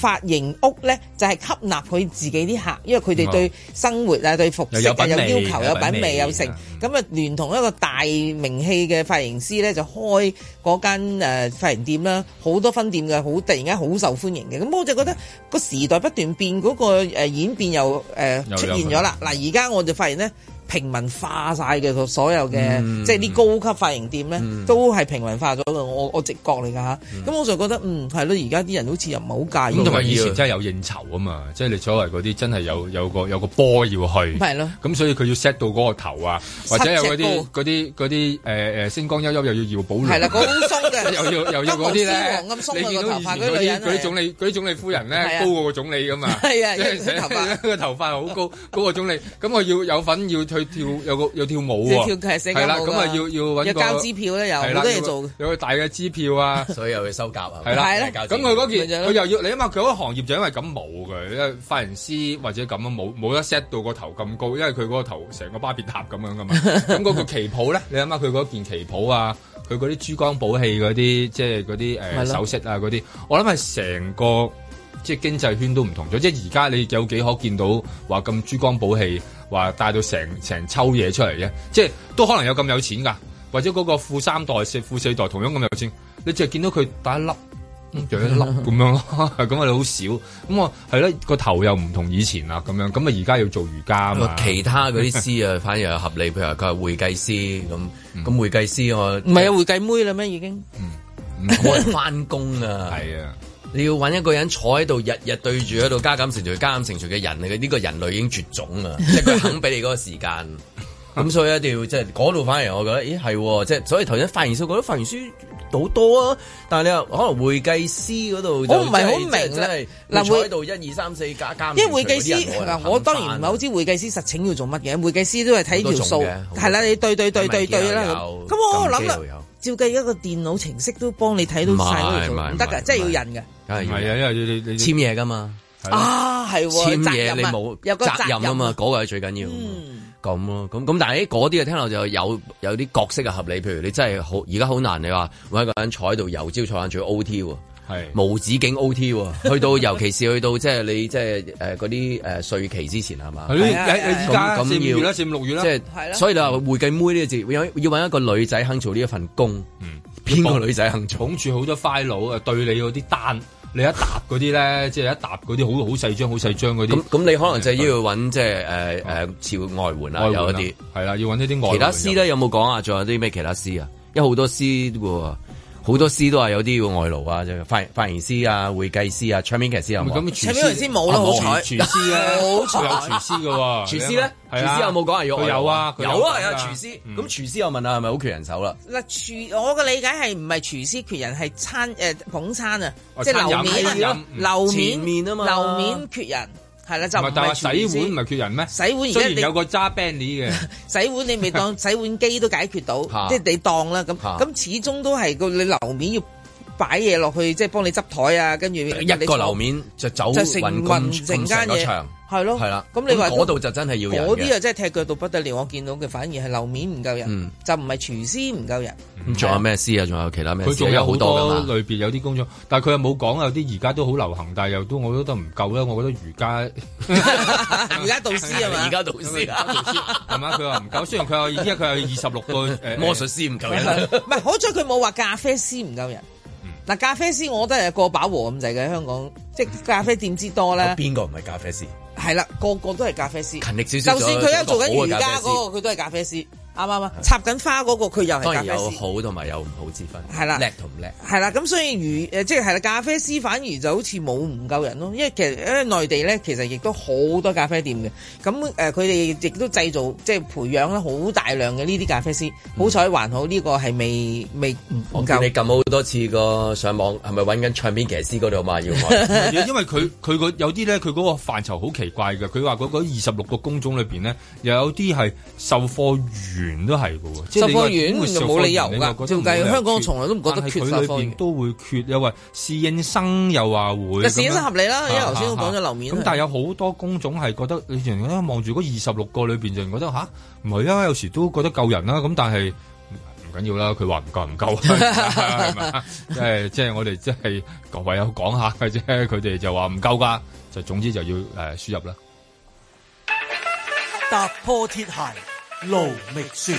髮型屋呢就係吸納佢自己啲客，因為佢哋對生活啊、對服飾有要求、有品味、有成，咁啊聯同一個大名氣嘅髮型師呢，就開嗰間誒髮型店啦，好多分店嘅，好突然間好受歡迎嘅。咁我就覺得個時代不斷變，嗰個誒演變又誒出現咗啦。嗱而家我就發現呢。平民化晒嘅所有嘅，即係啲高級髮型店咧，都係平民化咗嘅。我我直覺嚟㗎吓，咁我就覺得，嗯，係咯。而家啲人好似又唔係好介意。咁同埋以前真係有應酬啊嘛，即係你所謂嗰啲真係有有個有個波要去，係咯。咁所以佢要 set 到嗰個頭啊，或者有嗰啲啲啲誒誒星光悠悠又要搖寶女，係啦，好鬆嘅，又要又要嗰啲咧，金黃咁鬆嘅頭髮嗰啲女總理，啲總理夫人咧，高過個總理㗎嘛，係啊，即係頭髮個頭髮好高，高個總理，咁我要有份要要跳有個有跳舞喎，啊，係、啊、啦咁，啊要要揾交支票咧，又好多嘢做，有個大嘅支票啊， <laughs> 所以又要收夾啊，係啦，咁佢嗰件佢又要你諗下佢嗰個行業就是因為咁冇嘅，因為髮型師或者咁啊冇冇得 set 到個頭咁高，因為佢嗰個頭成個巴別塔咁樣噶嘛。咁嗰 <laughs> 個旗袍咧，你諗下佢嗰件旗袍啊，佢嗰啲珠光寶氣嗰啲，即係嗰啲誒首飾啊嗰啲，我諗係成個。即係經濟圈都唔同咗，即係而家你有幾可見到話咁珠光寶氣話帶到成成抽嘢出嚟嘅，即係都可能有咁有錢噶，或者嗰、那個富三代、四富四代同樣咁有錢，你淨係見到佢打一粒，打一粒咁樣咯，咁啊好少。咁啊係咧，個頭又唔同以前啦，咁樣咁啊而家要做瑜伽啊，其他嗰啲師啊反而係合理，譬如佢係會計師咁，咁、嗯、會計師我唔係啊會計妹啦咩已經，唔開翻工啊， <laughs> 係啊。你要揾一個人坐喺度，日日對住喺度加減程序。加減程序嘅人啊！佢、這、呢個人類已經絕種啊！即係佢肯俾你嗰個時間，咁 <laughs> 所以定要即係嗰度反而，我覺得，咦係，即係所以頭先發言書覺得發言書好多啊！但係你又可能會計師嗰度我不、就是，我唔係好明咧。嗱會喺度一二三四加減，因為會計師嗱，我，我當然唔係好知會計師實請要做乜嘢。會計師都係睇條數，係啦，你對對對對對啦。咁我諗照計一個電腦程式都幫你睇到晒，唔得噶，是即係要人嘅。係啊，因為要簽嘢噶嘛。啊，係簽嘢你冇有責任啊嘛，嗰個係最緊要。嗯，咁咯，咁咁，但係嗰啲嘅聽落就有有啲角色嘅合理，譬如你真係好而家好難，你話揾一個人坐喺度又朝，坐晏，仲 OT 喎。係無止境 OT，去到尤其是去到即係你即係誒嗰啲誒稅期之前係嘛？咁咁五月啦，四五六月啦。係啦。所以你話會計妹呢個字，要要搵一個女仔肯做呢一份工。嗯。邊個女仔肯捧住好多 file 啊？對你嗰啲單，你一沓嗰啲咧，即係一沓嗰啲好好細張、好細張嗰啲。咁你可能就要要搵即係誒誒，朝外援啊，有啲。係啦，要搵一啲外。其他師咧有冇講啊？仲有啲咩其他師啊？有好多師喎。好多師都話有啲要外勞啊，即係發髮型師啊、會計師啊、唱片騎師，有咁唱片騎師冇咯，好彩。廚師啊，好彩。有廚師㗎喎，廚師咧，廚師有冇講係喎？有啊，有啊，係啊，廚師。咁廚師我問下係咪好缺人手啦？嗱，廚我嘅理解係唔係廚師缺人係餐誒捧餐啊，即係樓面樓面啊嘛，樓面缺人。係啦，就唔係，但係洗碗唔係缺人咩？洗碗而家有個揸 Benny 嘅洗碗，你，你咪當洗碗機都解決到，即係 <laughs> 你當啦。咁咁 <laughs> 始終都係個你樓面要。擺嘢落去，即係幫你執台啊，跟住一個樓面就走運運成間嘢，係咯，係啦。咁你話嗰度就真係要有啲啊，真係踢腳到不得了。我見到嘅反而係樓面唔夠人，就唔係廚師唔夠人。仲有咩師啊？仲有其他咩師啊？佢仲有好多類別，有啲工作，但係佢又冇講。有啲而家都好流行，但係又都我覺得唔夠啦。我覺得瑜伽，瑜伽導師啊，瑜伽導師係嘛？佢話唔夠。雖然佢有，因為佢有二十六個魔術師唔夠人。唔係，好彩佢冇話咖啡師唔夠人。嗱，咖啡師，我覺得係過飽和咁滯嘅香港，即係咖啡店之多咧。邊個唔係咖啡師？係啦，個個都係咖啡師。勤力少少，就算佢喺度做緊瑜伽嗰個，佢都係咖啡師。啱啱插緊花嗰個佢又係當然有好同埋有唔好之分，係啦叻同唔叻係啦，咁所以如誒即係啦，咖啡師反而就好似冇唔夠人咯，因為其實喺內地咧，其實亦都好多咖啡店嘅，咁誒佢哋亦都製造即係培養啦好大量嘅呢啲咖啡師，好彩還好呢個係未未唔夠。你撳好多次個上網係咪揾緊唱片騎師嗰度嘛？要 <laughs> 因為佢佢個有啲咧，佢嗰個範疇好奇怪嘅，佢話嗰嗰二十六個工種裏邊咧，又有啲係售貨員。員都係嘅喎，售貨員會冇理由噶，照計，香港從來都唔覺得缺乏貨都會缺，又話侍應生又話會，侍應生合理啦，因為頭先都講咗樓面。咁但係有好多工種係覺得，你仲咧望住嗰二十六個裏邊，就覺得吓，唔係啊？有時都覺得夠人啦，咁但係唔緊要啦。佢話唔夠唔夠，即係即係我哋即係各位有講下嘅啫。佢哋就話唔夠噶，就總之就要誒輸入啦。踏破鐵鞋。勞明書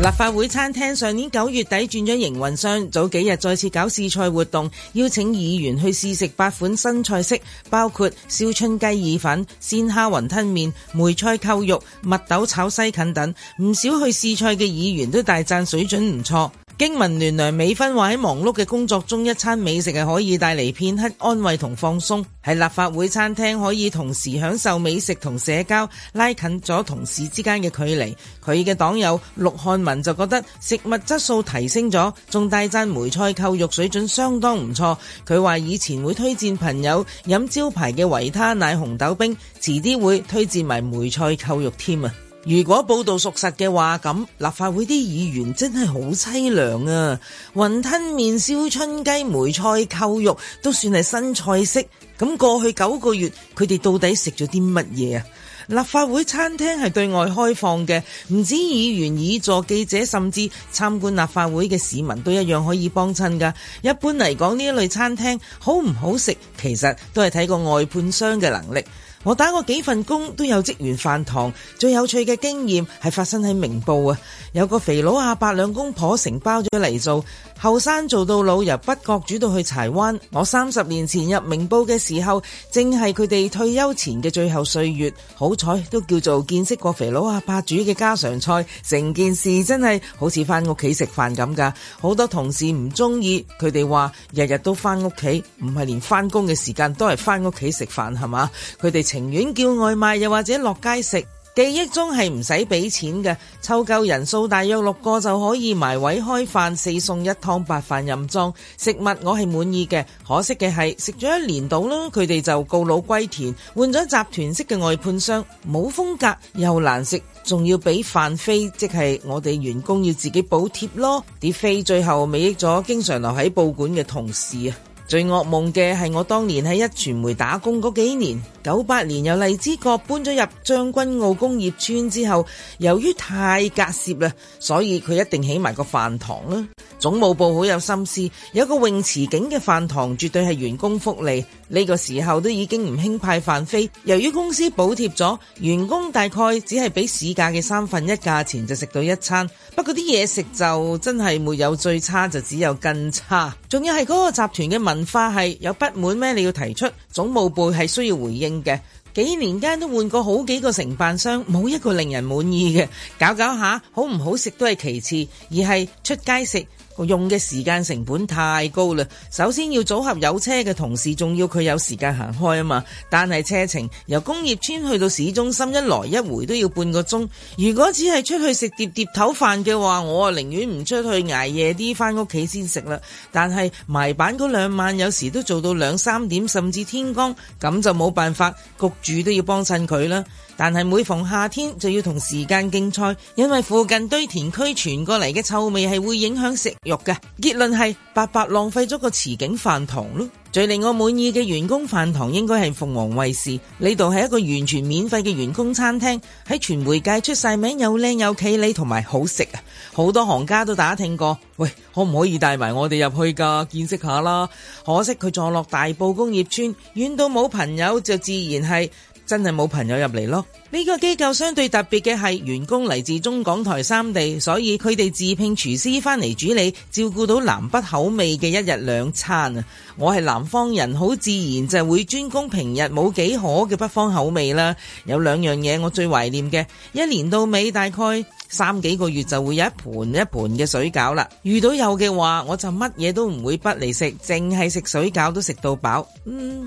立法會餐廳上年九月底轉咗營運商，早幾日再次搞試菜活動，邀請議員去試食八款新菜式，包括燒春雞意粉、鮮蝦雲吞麵、梅菜扣肉、蜜豆炒西芹等，唔少去試菜嘅議員都大讚水準唔錯。經文聯梁美芬話喺忙碌嘅工作中，一餐美食係可以帶嚟片刻安慰同放鬆，喺立法會餐廳可以同時享受美食同社交，拉近咗同事之間嘅距離。佢嘅黨友陸漢文就覺得食物質素提升咗，仲大贊梅菜扣肉水準相當唔錯。佢話以前會推薦朋友飲招牌嘅維他奶紅豆冰，遲啲會推薦埋梅菜扣肉添啊！如果報道屬實嘅話，咁立法會啲議員真係好凄涼啊！雲吞麵、燒春雞、梅菜扣肉都算係新菜式，咁過去九個月佢哋到底食咗啲乜嘢啊？立法會餐廳係對外開放嘅，唔止議員議座、記者，甚至參觀立法會嘅市民都一樣可以幫襯㗎。一般嚟講，呢類餐廳好唔好食，其實都係睇個外判商嘅能力。我打過幾份工，都有職員飯堂。最有趣嘅經驗係發生喺明報啊，有個肥佬阿伯兩公婆承包咗嚟做。後生做到老，由北角煮到去柴灣。我三十年前入明報嘅時候，正係佢哋退休前嘅最後歲月。好彩都叫做見識過肥佬阿伯煮嘅家常菜，成件事真係好似翻屋企食飯咁噶。好多同事唔鍾意，佢哋話日日都翻屋企，唔係連翻工嘅時間都係翻屋企食飯係嘛？佢哋情願叫外賣，又或者落街食。記憶中係唔使俾錢嘅，湊夠人數大約六個就可以埋位開飯，四送一湯白飯任裝。食物我係滿意嘅，可惜嘅係食咗一年到啦，佢哋就告老歸田，換咗集團式嘅外判商，冇風格又難食，仲要俾飯飛，即係我哋員工要自己補貼咯。啲飛最後尾益咗經常留喺報館嘅同事啊！最惡夢嘅係我當年喺一傳媒打工嗰幾年。九八年由荔枝角搬咗入將軍澳工業村之後，由於太隔涉啦，所以佢一定起埋個飯堂啦。總務部好有心思，有個泳池景嘅飯堂絕對係員工福利。呢個時候都已經唔興派飯飛，由於公司補貼咗，員工大概只係俾市價嘅三分一價錢就食到一餐。不過啲嘢食就真係沒有最差，就只有更差。仲要係嗰個集團嘅文化係有不滿咩？你要提出，總務部係需要回應。嘅幾年間都換過好幾個承辦商，冇一個令人滿意嘅，搞搞下好唔好食都係其次，而係出街食。用嘅時間成本太高啦。首先要組合有車嘅同事，仲要佢有時間行開啊嘛。但係車程由工業村去到市中心一來一回都要半個鐘。如果只係出去食碟碟頭飯嘅話，我啊寧願唔出去捱夜啲，返屋企先食啦。但係埋板嗰兩晚，有時都做到兩三點，甚至天光咁，就冇辦法焗住都要幫襯佢啦。但係每逢夏天就要同時間競賽，因為附近堆填區傳過嚟嘅臭味係會影響食欲嘅。結論係白白浪費咗個池景飯堂咯。最令我滿意嘅員工飯堂應該係鳳凰衛視，呢度係一個完全免費嘅員工餐廳，喺傳媒界出晒名，又靚又企理同埋好食啊！好多行家都打聽過，喂，可唔可以帶埋我哋入去噶，見識下啦？可惜佢坐落大埔工業村，遠到冇朋友，就自然係。真係冇朋友入嚟咯。呢、這個機構相對特別嘅係員工嚟自中港台三地，所以佢哋自聘廚師返嚟主理，照顧到南北口味嘅一日兩餐啊。我係南方人，好自然就會專攻平日冇幾可嘅北方口味啦。有兩樣嘢我最懷念嘅，一年到尾大概三幾個月就會有一盤一盤嘅水餃啦。遇到有嘅話，我就乜嘢都唔會不嚟食，淨係食水餃都食到飽，嗯，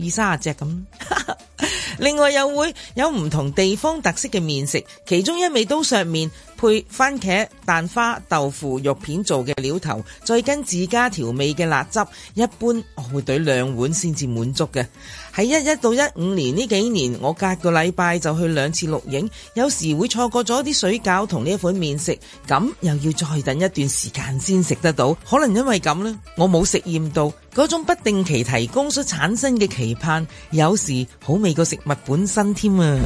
二三十隻咁。 <laughs> 另外又會有唔同地方特色嘅麵食，其中一味刀削麵。配番茄、蛋花、豆腐、肉片做嘅料頭，再跟自家調味嘅辣汁，一般我會懟兩碗先至滿足嘅。喺一一到一五年呢幾年，我隔個禮拜就去兩次錄影，有時會錯過咗啲水餃同呢一款麵食，咁又要再等一段時間先食得到。可能因為咁呢，我冇食厭到嗰種不定期提供所產生嘅期盼，有時好味過食物本身添啊！